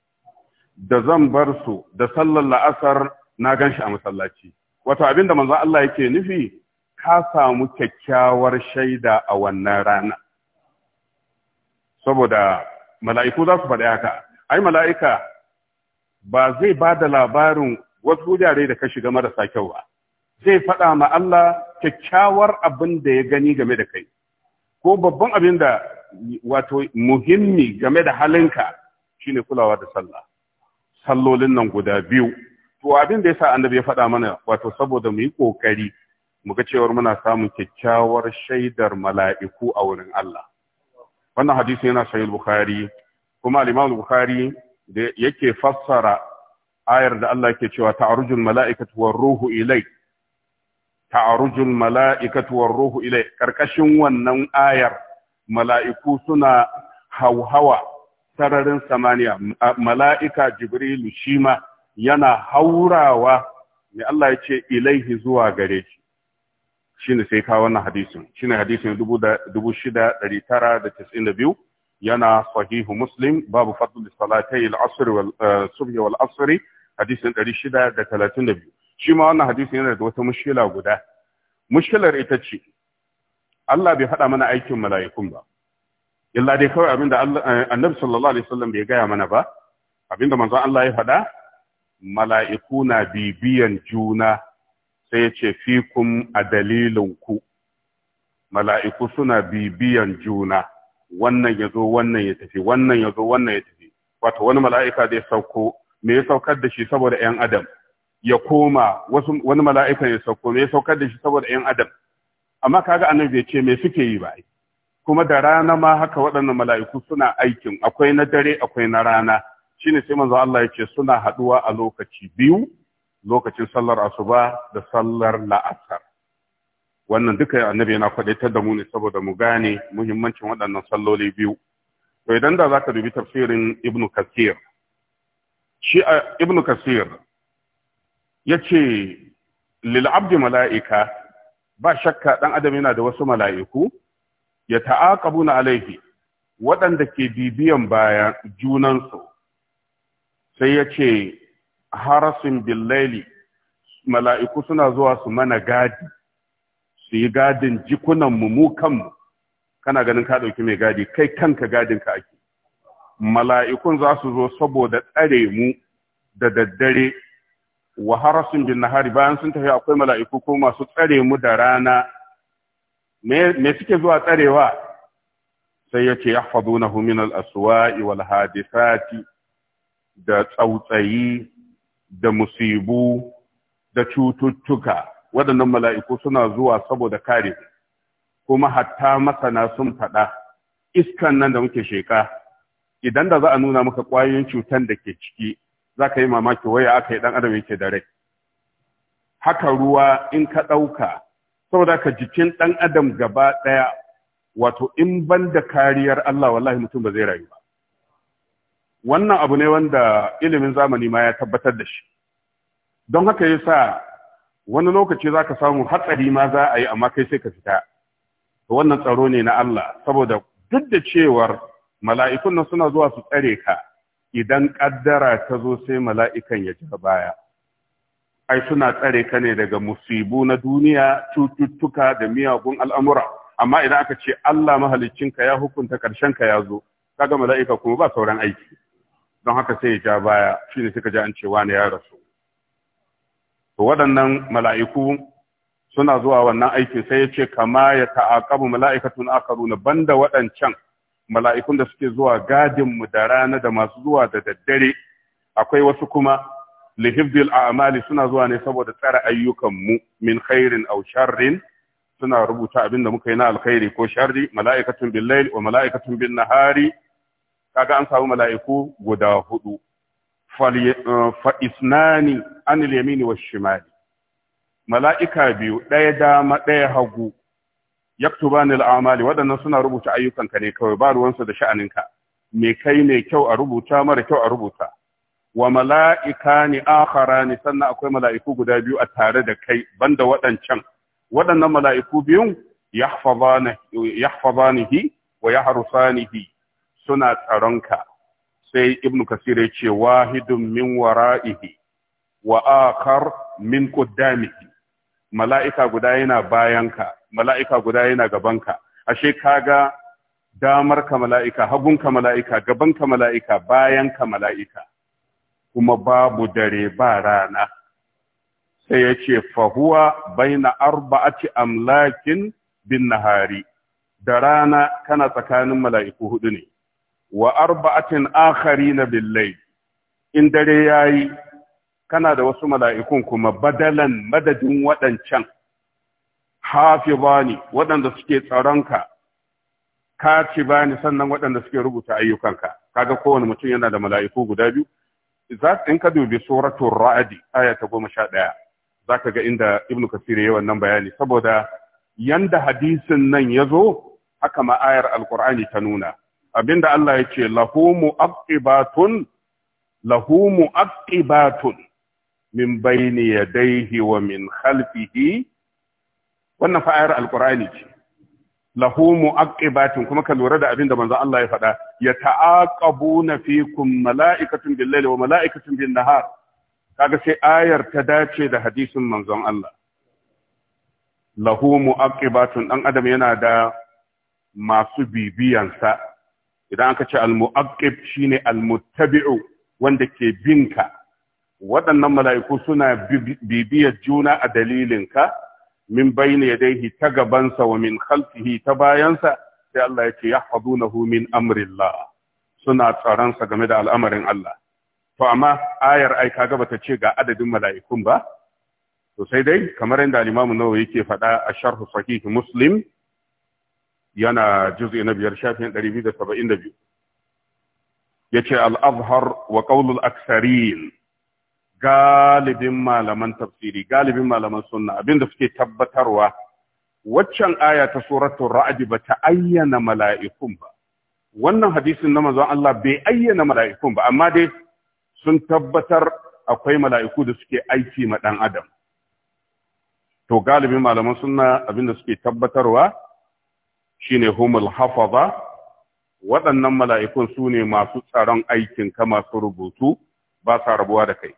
Speaker 1: da zan bar su da sallar la'asar na ganshi a masallaci wato abin da manzon Allah yake nufi ka samu kyakkyawar shaida a wannan rana saboda mala'iku za su faɗi haka ai mala'ika ba zai ba da labarin wasu wujare da ka shiga marasa kyau ba zai faɗa ma Allah kyakkyawar abin da ya gani game da kai ko babban abin da wato muhimmi game da halinka shine kulawa da sallah sallolin nan guda biyu to abin da ya sa annabi ya faɗa mana wato saboda mu yi ƙoƙari. muga cewar muna samun kyakkyawar shaidar mala'iku a wurin Allah wannan hadisi yana sahih bukhari kuma Al’imam bukhari da yake fassara ayar da Allah ke cewa ta mala'ikatu war ruhu ilai, mala'ikatu war ruhu ilai karkashin wannan ayar mala'iku suna hauhawa sararin samaniya mala'ika jibrilu shima yana haurawa ne Allah ya ce ilaihi zuwa gare shi ne sai ka wannan hadisin Shi ne hadisin 6992 yana sahihu muslim babu fadl salatai al-asr wal eh, subh wal asr hadisin 632 shi ma wannan hadisin yana da wata mushkila guda mushkilar ita ce Allah bai faɗa mana aikin mala'ikun ba illa dai kawai abinda eh, annabi sallallahu alaihi wasallam bai gaya mana ba abinda manzon Allah ya faɗa mala'iku na bibiyan juna sai ya ce kun a dalilinku mala'iku suna bibiyan juna wannan ya zo wannan ya tafi wannan ya zo wannan ya tafi wata wani mala'ika zai sauko me ya saukar da shi saboda ‘yan adam ya koma wasu wani mala'ika ya sauko me ya saukar da shi saboda ‘yan adam amma kaga annabi bai ce me suke yi ba kuma da rana ma haka waɗannan mala'iku suna aikin akwai na dare akwai na rana shine sai manzo Allah ya ce suna haɗuwa a lokaci biyu lokacin sallar asuba da sallar la'asar wannan duka annabi yana kwadaitar da mu ne saboda mu gane muhimmancin waɗannan salloli biyu to idan da ka dubi tafsirin Ibn kasir shi ibnu kasir yace lil abdi mala'ika ba shakka ɗan adam yana da wasu mala'iku ya na alaihi waɗanda ke bibiyan baya junansu sai ya ce harasin billaili mala'iku suna zuwa su mana gadi su yi gadin jikunan mu mu kanmu kana ganin ka ɗauki mai gadi kai kanka gadin ka ake mala'ikun za su zo saboda tsare mu da daddare wa harasin bin nahari bayan sun tafi akwai mala'iku ko masu tsare mu da rana me suke zuwa tsarewa sai ya ce ya faɗo na huminal asuwa'i wal hadisati da tsautsayi da musibu da cututtuka waɗannan mala'iku suna zuwa saboda kare kuma hatta masana sun faɗa iskan nan da muke sheƙa idan da za a nuna maka ƙwayoyin cutan da ke ciki za ka yi mamaki waya aka yi ɗan adam yake da rai haka ruwa in ka ɗauka saboda ka jikin ɗan adam gaba ɗaya wato in ban da kariyar Allah wallahi mutum ba zai rayu ba wannan abu ne wanda ilimin zamani ma ya tabbatar da shi don haka ya sa wani lokaci za ka samu hatsari ma za a yi amma kai sai ka fita wannan tsaro ne na Allah saboda duk da cewar mala'ikun nan suna zuwa su tsare ka idan ƙaddara ta zo sai mala'ikan ya ja baya ai suna tsare ka ne daga musibu na duniya cututtuka da miyagun al'amura amma idan aka ce Allah ka ya hukunta ka ya zo kaga mala'ika kuma ba sauran aiki don haka sai ya ja baya shi ne suka ja an cewa ne ya rasu to waɗannan mala'iku suna zuwa wannan aikin sai ya ce kama ya ta'aqabu mala'ikatun akaruna banda waɗancan mala'ikun da suke zuwa gadin mu da rana da masu zuwa da daddare akwai wasu kuma lihibdil a'mali suna zuwa ne saboda tsara ayyukan mu min khairin aw sharrin suna rubuta abinda muka yi na alkhairi ko sharri mala'ikatun bil layl wa mala'ikatun bin nahari kaga an samu mala'iku guda hudu fa eh, isnani an yamini wa shimali mala'ika biyu ɗaya dama ɗaya hagu yaktubani al'amali waɗannan suna rubuta ayyukanka ne kawai ba ruwansu da sha'anin ka me kai ne kyau a rubuta mara kyau a rubuta wa mala'ika ni akhara ni sannan akwai mala'iku guda biyu a tare da kai banda waɗancan waɗannan mala'iku biyun yahfazanihi wa yahrusanihi suna tsaronka sai ibnu kasir ya ce wahidun min wara'ihi wa akhar min qaddamihi mala'ika guda yana bayanka mala'ika guda yana gabanka ashe kaga damarka mala'ika ka mala'ika gabanka mala'ika bayanka mala'ika kuma babu dare ba rana sai ya ce fahuwa baina arba'ati amlakin bin nahari da rana kana tsakanin mala'iku hudu ne wa arba'atin akharina Billai, in dare yayi kana da wasu mala'ikun kuma badalan madadin waɗancan hafizani waɗanda suke tsaronka kaci bani sannan waɗanda suke rubuta ayyukanka kaga kowane mutum yana da mala'iku guda biyu in ka dubi suratul ra'adi aya ta goma sha ɗaya za ka ga inda ibnu kasir ya wannan bayani saboda yanda hadisin nan ya zo haka ma ayar alkur'ani ta nuna abinda Allah ya ce lahu mu'aqibatun lahu mu'aqibatun min bayni yadayhi wa min khalfihi wannan fa ayar ce lahu mu'aqibatun kuma ka lura da abinda manzo Allah ya faɗa ya ta'aqabuna fikum mala'ikatun bil-laili wa mala'ikatun bin-nahar kaga sai ayar ta dace da hadisin manzon Allah lahu mu'aqibatun ɗan adam yana da masu bibiyansa idan aka ce al-mu'aqqib shine al-muttabi'u wanda ke binka waɗannan mala'iku suna bibiyar juna a dalilinka min bayni yadayhi ta gabansa wa min khalfihi ta bayansa sai Allah ya ce yahfazunahu min amrillah suna tsaronsa game da al'amarin Allah to amma ayar ai kaga bata ce ga adadin mala'ikun ba to sai dai kamar yadda al-Imam Nawawi yake faɗa a sharh sahih Muslim yana juz'i na biyar shafin 272 yace al-azhar wa qawlul aksarin galibin malaman tafsiri galibin malaman sunna abinda suke tabbatarwa waccan aya ta suratu ra'adi ba ta ayyana mala'ikun ba wannan hadisin na manzon Allah bai ayyana mala'ikun ba amma dai sun tabbatar akwai mala'iku da suke aiki ma dan adam to galibin malaman sunna abinda suke tabbatarwa shine humul hafaza waɗannan mala'ikun su ne masu tsaron aikin ka masu rubutu ba sa rabuwa da kai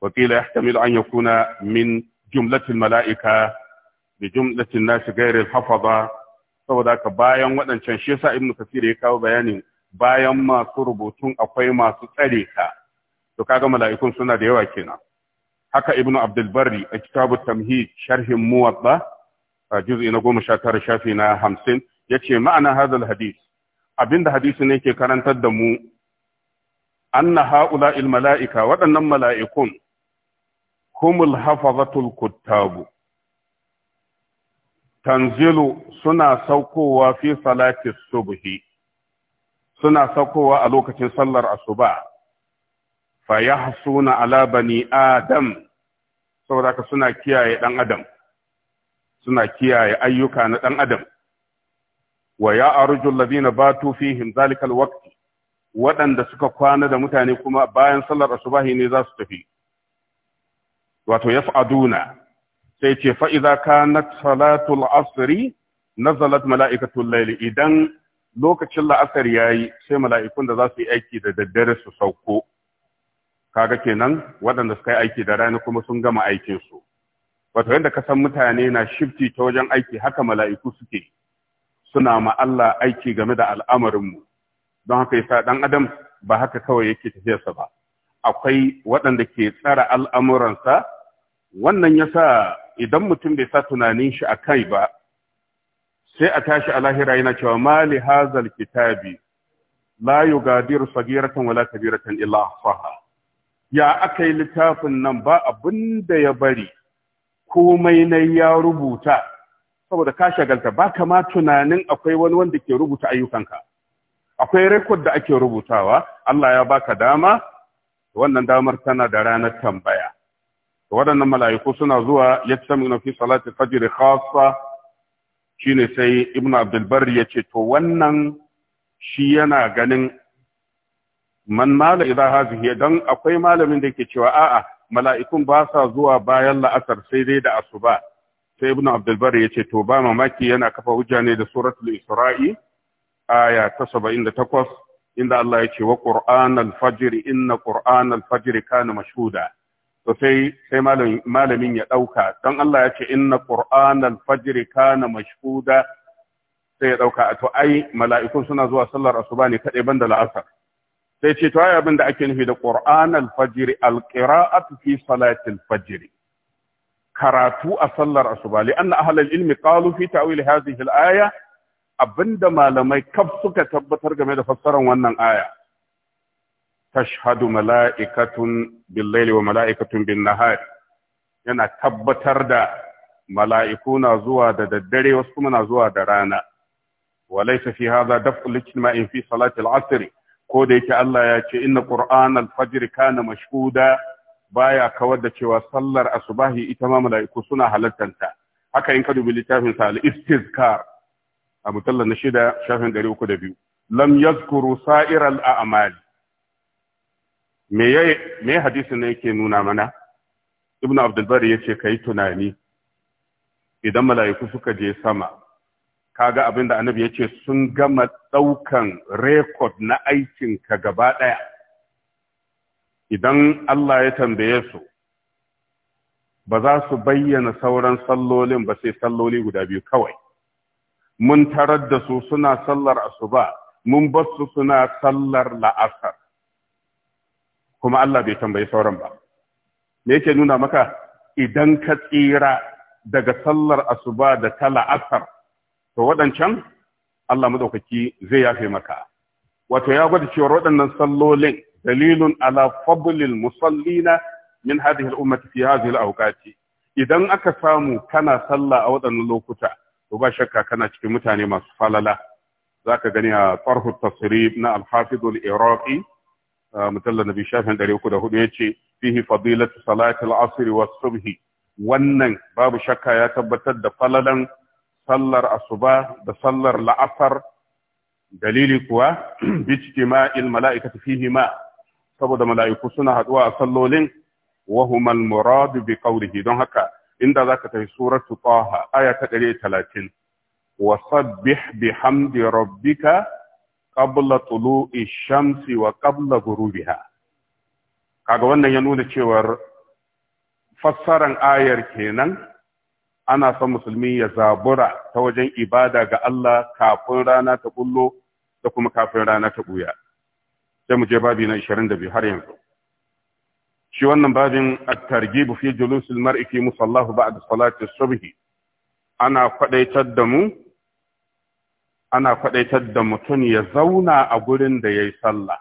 Speaker 1: wakila yahtamilu an kuna min jumlatin mala'ika bi jumlatin nasi ghairil hafaza saboda haka bayan waɗancan shi yasa ibnu kasir ya kawo bayanin bayan masu rubutun akwai masu tsare ka to kaga mala'ikun suna da yawa kenan haka ibnu abdul a kitabu tamhid sharhin muwatta a juz'i na 19 shafi na hamsin. yace ma'ana hadal hadis, abinda hadisi ne ke karantar da mu anna haula il waɗannan mala'ikun humul hafazatul kuttabu tanzilu suna saukowa fi salati subhi suna saukowa a lokacin sallar asuba fa yahsuna ala bani adam saboda ka suna kiyaye dan adam suna kiyaye ayyuka na dan adam wa ya arju alladhina batu fihim zalikal waqt waɗanda suka kwana da mutane kuma bayan sallar asubahi ne za su tafi wato yaf'aduna sai ce fa idza kanat salatul asri nazalat mala'ikatul layli idan lokacin la'asar yayi sai mala'ikun da za su yi aiki da daddare su sauko kaga kenan waɗanda suka yi aiki da rana kuma sun gama aikin su wato yadda ka san mutane na shifti ta wajen aiki haka mala'iku suke suna ma Allah aiki game da al'amarinmu don haka yasa ɗan adam ba haka kawai yake tafiyarsa ba akwai waɗanda ke tsara al'amuransa wannan yasa idan mutum bai sa tunanin shi a kai ba sai a tashi a lahira yana cewa mali hazal kitabi la yugadiru sagiratan wala kabiratan illa ahsaha ya yi littafin nan ba abin da ya bari komai na ya rubuta saboda ka shagalta ba kama tunanin akwai wani wanda ke rubuta ayyukanka akwai rekod da ake rubutawa Allah ya baka dama wannan damar tana da ranar tambaya waɗannan mala'iku suna zuwa yajtamuna fi salati fajr khassa shine sai ibn abdul barri ce to wannan shi yana ganin man mala idza hazihi dan akwai malamin da ke cewa a'a mala'ikun ba sa zuwa bayan la'asar sai dai da asuba sai ibn abdulbar ya ce to ba mamaki yana kafa hujja ne da suratul isra'i aya ta 78 inda Allah ya ce wa qur'an al-fajr inna qur'an al-fajr kana mashhuda to sai sai malamin ya dauka dan Allah ya ce inna qur'an al-fajr kana mashhuda sai ya dauka to ai mala'ikun suna zuwa sallar asuba ne kadai banda la'asar sai ce to ai abin da ake nufi da qur'an al-fajr al-qira'atu fi salati al-fajr karatu a sallar asuba li anna ahlal ilmi qalu fi ta'wil hadhihi al-aya abinda malamai kaf suka tabbatar game da fassarar wannan aya tashhadu mala'ikatun bil-laili wa mala'ikatun bin-nahar yana tabbatar da mala'iku na zuwa da daddare wasu kuma na zuwa da rana walaysa fi hadha daf'u lijtima'in fi salati al-'asr ko da yake Allah ya ce inna qur'ana al-fajr kana mashhuda baya kawar da cewa sallar asubahi ita ma mala'iku suna halattanta haka in ka dubi littafin sa al-istizkar a mutallar na shida shafin 302 lam yazkuru sa'ir al-a'mal me yayi me hadisin ne yake nuna mana ibnu abdul bari yace kai tunani idan mala'iku suka je sama kaga abinda annabi yace sun gama daukan record na aikin ka gaba daya idan Allah ya tambaye su ba za su bayyana sauran sallolin ba sai salloli guda biyu kawai mun tarar da su suna sallar asuba mun bar su suna sallar la'asar kuma Allah bai tambayi sauran ba me yake nuna maka idan ka tsira daga sallar asuba da ta la'asar to waɗancan Allah madaukaki zai yafe maka wato ya gwada cewa waɗannan sallolin dalilun ala musallina min hadhihi al-ummah fi hadhihi al idan aka samu kana sallah a waɗannan lokuta to ba shakka kana cikin mutane masu falala zaka gani a tarhu tasrib na al-hafiz al-iraqi mutalla nabi shafin 304 yace fihi fadilatu salati al-asr wa subhi wannan babu shakka ya tabbatar da falalan sallar asuba da sallar la'afar. dalili kuwa bijtima'il mala'ikati fihi ma' saboda mala'iku suna haduwa a sallolin wahumal muradu bi qawlihi don haka inda zaka tafi suratu taha aya ta 130 wasabbih bihamdi rabbika qabla tulu'i shamsi wa qabla ghurubiha kaga wannan ya nuna cewar fassaran ayar kenan ana son musulmi ya zabura ta wajen ibada ga Allah kafin rana ta bullo da kuma kafin rana ta buya sai mu je babi na 22 har yanzu shi wannan babin at-targhib fi julus al-mar'i fi musallahu ba'da salati as-subh ana kwadaitar da mu ana kwadaitar da mutum ya zauna a gurin da yayi sallah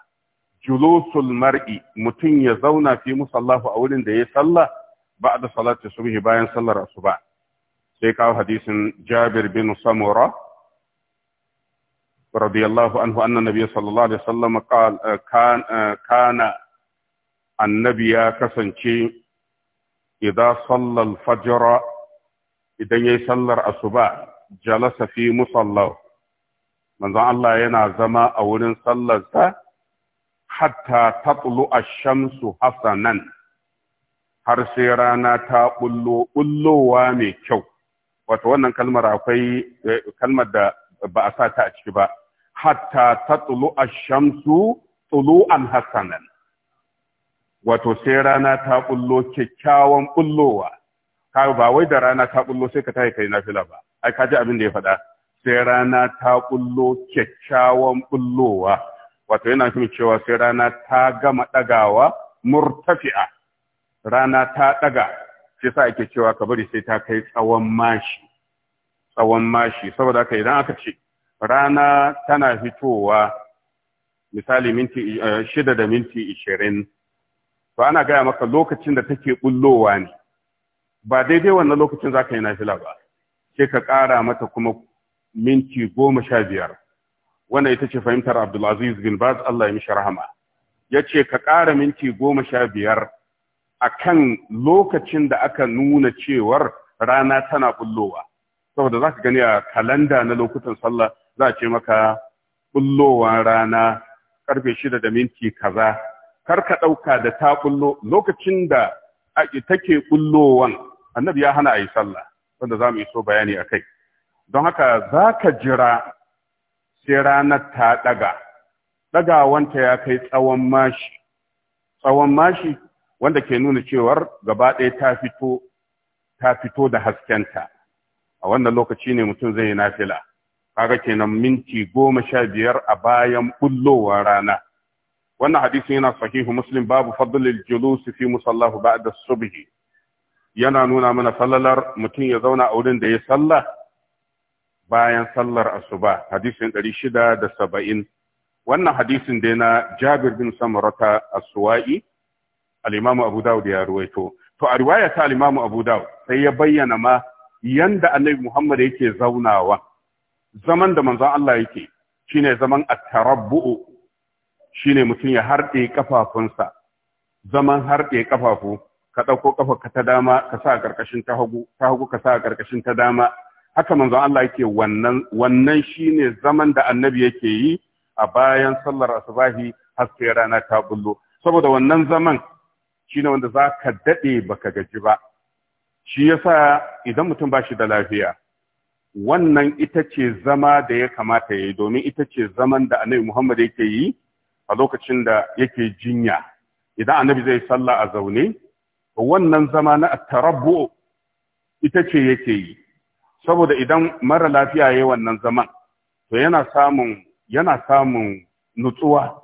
Speaker 1: julusul mar'i mutum ya zauna fi musallahu a wurin da yayi sallah ba'da salati as-subh bayan sallar asuba sai kawo hadisin Jabir bin Samura رضي الله عنه أن النبي صلى الله عليه وسلم قال كان كان النبي كسنشي إذا صلى الفجر إذا يصلى الصبح جلس في مصلى من الله ينا زما أو صلى حتى تطلع الشمس حسنا har sai rana ta bullo bullowa mai kyau wato wannan kalmar akwai kalmar da ba a sa ta a ciki ba hatta tatlu ash-shamsu tulu'an hasanan wato sai rana ta bullo kyakkyawan bullowa ka ba wai da rana ta bullo sai ka tayi kai nafila ba ai ka ji abin da ya faɗa sai rana ta bullo kyakkyawan bullowa wato yana nufin cewa sai rana ta gama dagawa murtafi'a rana ta ɗaga. sai sa ake cewa ka bari sai ta kai tsawon mashi tsawon mashi saboda haka idan aka ce rana tana fitowa misali minti eh, shida da minti ishirin to ana gaya maka lokacin da take bullowa ne ba daidai wannan lokacin za ka yi nafila ba sai ka ƙara mata kuma minti goma sha biyar wannan ita ce fahimtar abdulaziz bin baz allah ya mishi rahama ya ce ka ƙara minti goma sha biyar a kan lokacin da aka nuna cewar rana tana bullowa saboda za ka gani a kalanda na lokutan sallah za ce maka bullowar rana karfe shida da minti kaza kar ka ɗauka da ta bullo lokacin da take bullowan annabi ya hana a yi sallah wanda za mu yi bayani a kai don haka za ka jira sai ranar ta ɗaga ɗagawanta ya kai tsawon mashi tsawon mashi wanda ke nuna cewar gaba ɗaya ta fito ta fito da haskenta a wannan lokaci ne mutum zai yi nafila kaga kenan minti goma sha biyar a bayan bullowa rana wannan hadisin yana sahihu muslim babu fadlil julusi fi musallahu ba'da subhi yana nuna mana sallalar mutum ya zauna a wurin da ya sallah bayan sallar asuba hadisin 670 wannan hadisin dai na Jabir bin Samurata as-Suwa'i al-Imam Abu Dawud ya ruwaito to a riwaya ta al-Imam Abu Dawud sai ya bayyana ma yanda Annabi Muhammad yake zaunawa zaman da manzon Allah yake shine zaman at Shi shine mutum ya harɗe kafafunsa zaman harɗe kafafu ka ɗauko ka ta dama ka sa a ƙarƙashin ta hagu ta hagu ka sa a ƙarƙashin ta dama haka manzon Allah yake wannan wannan shine zaman da annabi yake yi a bayan sallar asubahi har sai rana ta bullo saboda wannan zaman shine wanda za ka daɗe baka gaji ba shi yasa idan mutum ba shi da lafiya wannan ita ce zama da ya kamata ya yi domin ita ce zaman da annabi Muhammad yake yi a lokacin da yake jinya idan annabi zai sallah a zaune wannan zama na tarabbu ita ce yake yi saboda idan mara lafiya ya yi wannan zaman to yana samun yana samun nutsuwa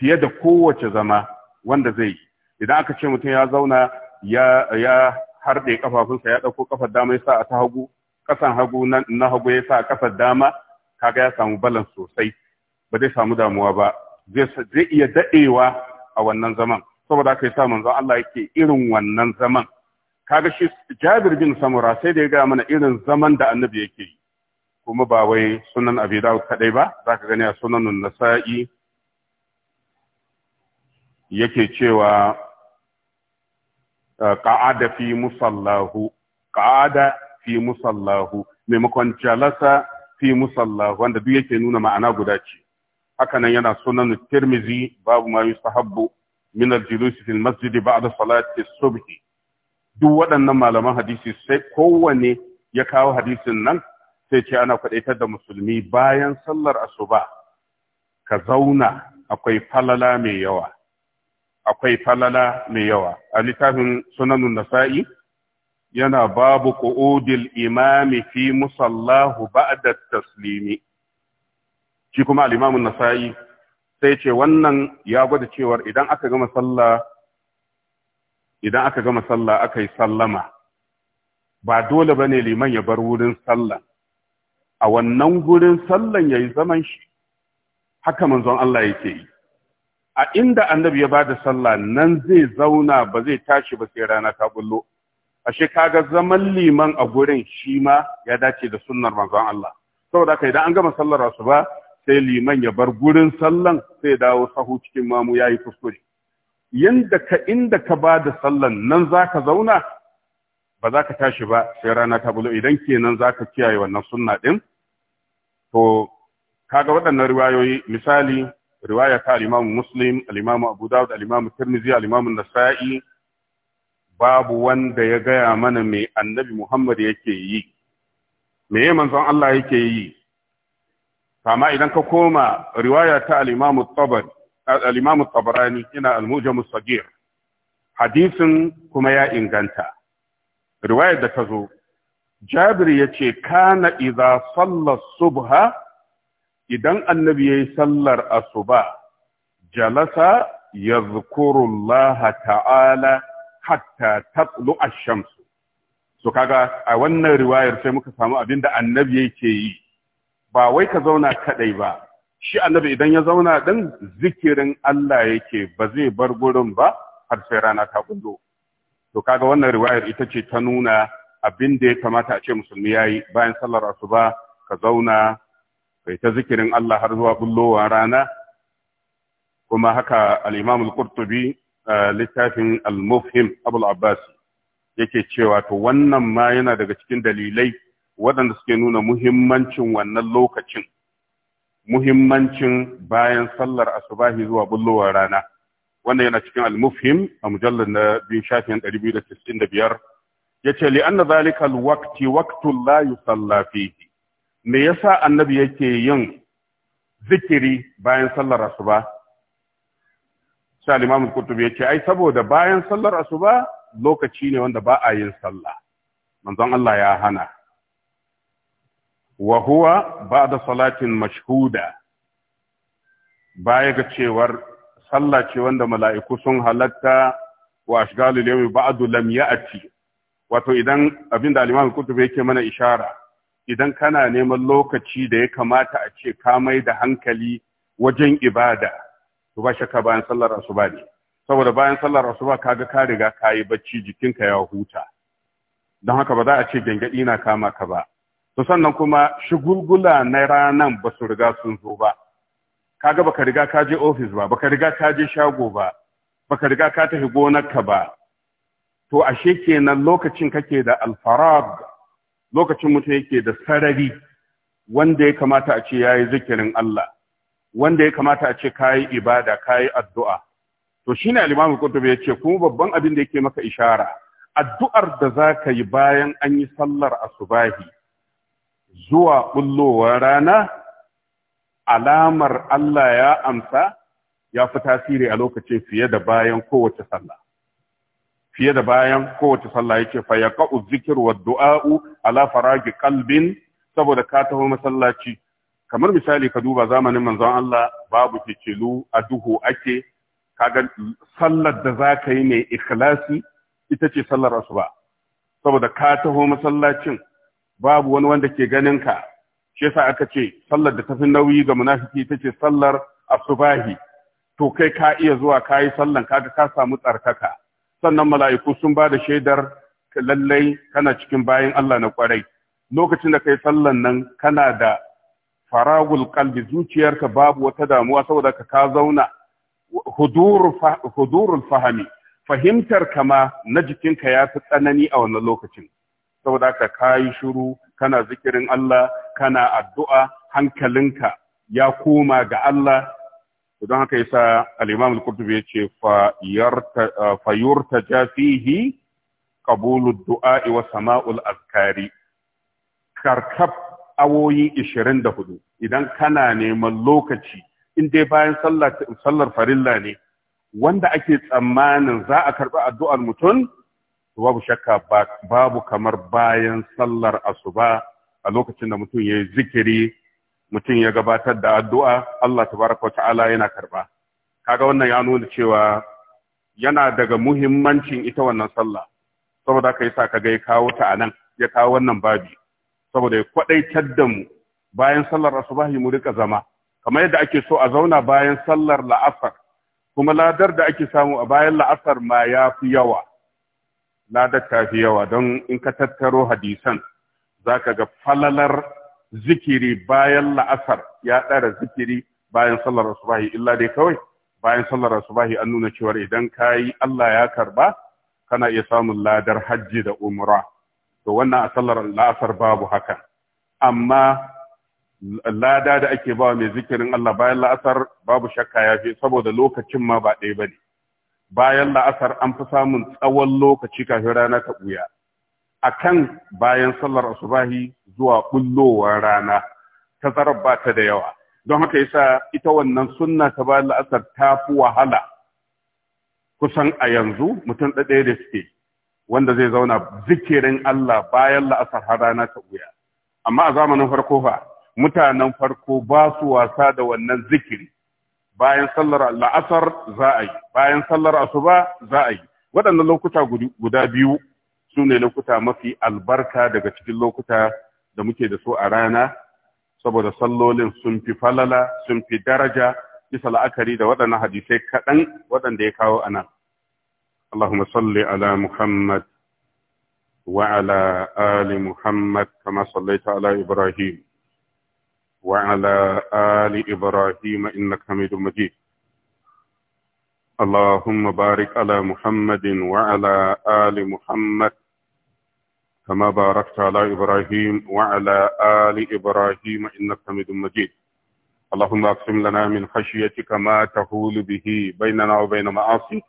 Speaker 1: fiye da kowace zama wanda zai yi idan aka ce mutum ya zauna ya ya harɗe kafafunsa ya ɗauko kafar dama yasa sa a ta hagu kasan hagu na hagu ya sa kasar dama kaga ya samu balan sosai ba zai samu damuwa ba zai iya daɗewa a wannan zaman saboda aka sa manzon Allah yake irin wannan zaman kaga shi Jabir bin Samura sai da ya ga mana irin zaman da annabi yake yi kuma ba wai sunan Abi Dawud kadai ba zaka gani a sunanun Nasa'i yake cewa qa'ada fi musallahu kaada. fi musallahu maimakon jalasa fi musallahu wanda duk yake nuna ma'ana guda ce hakanan yana sunan tirmizi babu ma yustahabbu min al-julusi fil masjid ba'da salati subh duk waɗannan malaman hadisi sai kowanne ya kawo hadisin nan sai ce ana faɗaitar da musulmi bayan sallar asuba ka zauna akwai falala mai yawa akwai falala mai yawa a littafin sunanun nasa'i yana babu ƙuudil imami fi musallahu ba'da taslimi shi kuma al-imam an-nasa'i sai ce wannan ya gwada cewar idan aka gama sallah idan aka gama sallah aka yi sallama ba dole bane liman ya bar wurin sallah a wannan gurin sallan yayi zaman shi haka manzon Allah yake yi a inda annabi ya bada sallah nan zai zauna ba zai tashi ba sai rana ta bullo ashe kaga zaman liman a gurin shi ma ya dace da sunnar manzon Allah saboda haka idan an gama sallar asuba sai liman ya bar gurin sallan sai dawo sahu cikin mamu yayi kuskure yanda ka inda ka bada sallan nan zaka zauna ba za ka tashi ba sai rana ta bulo idan kenan za ka kiyaye wannan sunna din to kaga waɗannan riwayoyi misali riwaya ta al-Imam Muslim al Abu Dawud al-Imam Tirmidhi al-Imam Nasa'i babu wanda ya gaya mana mai annabi Muhammad yake yi, me manzon Allah yake yi, kama idan ka koma riwaya ta al'imamu Tsabarani, ina almujamu sagir, hadisin kuma ya inganta. Riwayar da ta zo, Jabir ya ce, Kana iza sallar subha, idan annabi ya yi sallar asuba, jalasa ya ta'ala hatta tatlu ash-shams so kaga a wannan riwayar sai muka samu abinda annabi yake yi ba wai ka zauna kadai ba shi annabi idan ya zauna din zikirin Allah yake ba zai bar gurin ba har sai rana ta kullo to kaga wannan riwayar ita ce ta nuna abinda ya kamata a ce musulmi yayi bayan sallar asuba ka zauna kai ta zikirin Allah har zuwa bullowar rana kuma haka al-Imam al-Qurtubi littafin al-mufhim abul abbas yake cewa to wannan ma yana daga cikin dalilai waɗanda suke nuna muhimmancin wannan lokacin muhimmancin bayan sallar asubahi zuwa bullowar rana wannan yana cikin al-mufhim a mujallar na biyu shafin 295 yace li anna zalika al-waqti waqtul la yusalla fihi me yasa annabi yake yin zikiri bayan sallar asuba sai al-imam qurtubi yace ai saboda bayan sallar asuba lokaci ne wanda ba a yin sallah manzon Allah ya hana wa huwa ba'da salatin mashhuda baya ga cewar sallah ce wanda mala'iku sun halatta wa ashgalu yawmi ba'du lam ya'ti wato idan abinda al-imam qurtubi yake mana ishara idan kana neman lokaci da ya kamata a ce ka mai da hankali wajen ibada to ba shakka bayan sallar asuba ne saboda bayan sallar asuba kaga ka riga ka yi bacci jikinka ya huta don haka ba za a ce gangadi na kama ka ba to sannan kuma shigulgula na ranan ba su riga sun zo ba kaga baka riga ka je ofis ba baka riga ka je shago ba baka riga ka tafi ka ba to ashe kenan lokacin kake da alfarag lokacin mutum yake da sarari wanda ya kamata a ce yayi zikirin Allah wanda ya kamata a ce kayi ibada kayi addu'a to shine al imamu ya yace kuma babban abin da yake maka ishara addu'ar da zaka yi bayan an yi sallar asubahi zuwa bullowar rana alamar Allah ya amsa ya fi tasiri a lokacin fiye da bayan kowace sallah fiye da bayan kowace sallah yake fa yaqa'u dhikru wad du'a'u ala faragi qalbin saboda ka taho masallaci kamar misali ka duba zamanin manzon Allah babu kekelu a duhu ake kaga sallar da za ka yi mai ikhlasi ita ce sallar asuba saboda ka taho masallacin babu wani wanda ke ganin ka shi yasa aka ce sallar da tafi nauyi ga munafiki ita ce sallar asubahi to kai ka iya zuwa ka yi sallan kaga ka samu tsarkaka sannan mala'iku sun ba da shaidar lallai kana cikin bayan Allah na kwarai lokacin da kai sallan nan kana da faragul qalbi zuciyarka babu wata damuwa saboda ka ka zauna hudurul fahami fahimtar kama na jikinka ya fi tsanani a wannan lokacin saboda ka kayi shiru kana zikirin Allah kana addu'a hankalinka ya koma ga Allah don haka yasa al-Imam al-Qurtubi yace fa yarta fa yurtaja fihi qabulu du'a'i wa sama'ul azkari karkab awoyi hudu, idan kana neman lokaci in dai bayan sallar farilla ne wanda ake tsammanin za a karɓi addu'ar mutum babu shakka babu kamar bayan sallar asuba a lokacin da mutum ya yi zikiri mutum ya gabatar da addu'a Allah tabaraka wa ta'ala yana karɓa kaga wannan ya nuna cewa yana daga muhimmancin ita wannan sallah saboda ka yi sa ka ga ya kawo ta a nan ya kawo wannan babi saboda ya kwadaitar da mu bayan sallar asubahi mu rika zama kamar yadda ake so a zauna bayan sallar la'asar kuma ladar da ake samu a bayan la'asar ma ya fi yawa ladar ta fi yawa don in ka tattaro hadisan za ka ga falalar zikiri bayan la'asar ya ɗara zikiri bayan sallar asubahi illa dai kawai bayan sallar asubahi an nuna cewar idan ka yi Allah ya karba kana iya samun ladar hajji da umra to wannan a sallar la'asar babu haka amma lada da ake ba mai zikirin Allah bayan la'asar babu shakka ya fi saboda lokacin ma ba ɗaya ba ne bayan la'asar an fi samun tsawon lokaci kafin rana ta ɓuya a kan bayan sallar asubahi zuwa ɓullowar rana zarar ba ta da yawa don haka yasa ita wannan sunna ta bayan la'asar ta fi wahala kusan a yanzu mutum ɗaɗɗaya da suke wanda zai zauna zikirin Allah bayan la'asar har rana ta wuya amma a zamanin farko fa mutanen farko ba su wasa da wannan zikiri bayan sallar la'asar za a yi bayan sallar asuba za a yi waɗannan lokuta guda biyu su ne lokuta mafi albarka daga cikin lokuta da muke da su a rana saboda sallolin sun fi falala sun fi daraja bisa la'akari da waɗannan hadisai kaɗan waɗanda ya kawo a nan اللهم صل على محمد وعلى آل محمد كما صليت على إبراهيم وعلى آل إبراهيم إنك حميد مجيد اللهم بارك على محمد وعلى آل محمد كما باركت على إبراهيم وعلى آل إبراهيم إنك حميد مجيد اللهم أقسم لنا من خشيتك ما تهول به بيننا وبين معاصيك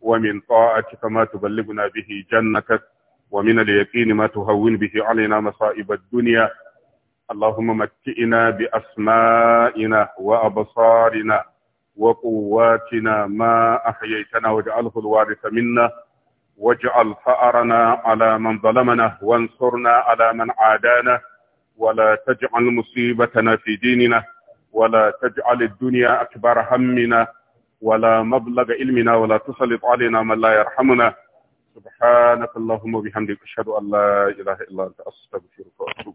Speaker 1: ومن طاعتك ما تبلغنا به جنتك ومن اليقين ما تهون به علينا مصائب الدنيا اللهم متئنا بأسمائنا وأبصارنا وقواتنا ما أحييتنا واجعله الوارث منا واجعل فأرنا على من ظلمنا وانصرنا على من عادانا ولا تجعل مصيبتنا في ديننا ولا تجعل الدنيا أكبر همنا ولا مبلغ علمنا ولا تسلط علينا من لا يرحمنا سبحانك اللهم وبحمدك أشهد أن لا إله إلا أنت أستغفرك وأتوب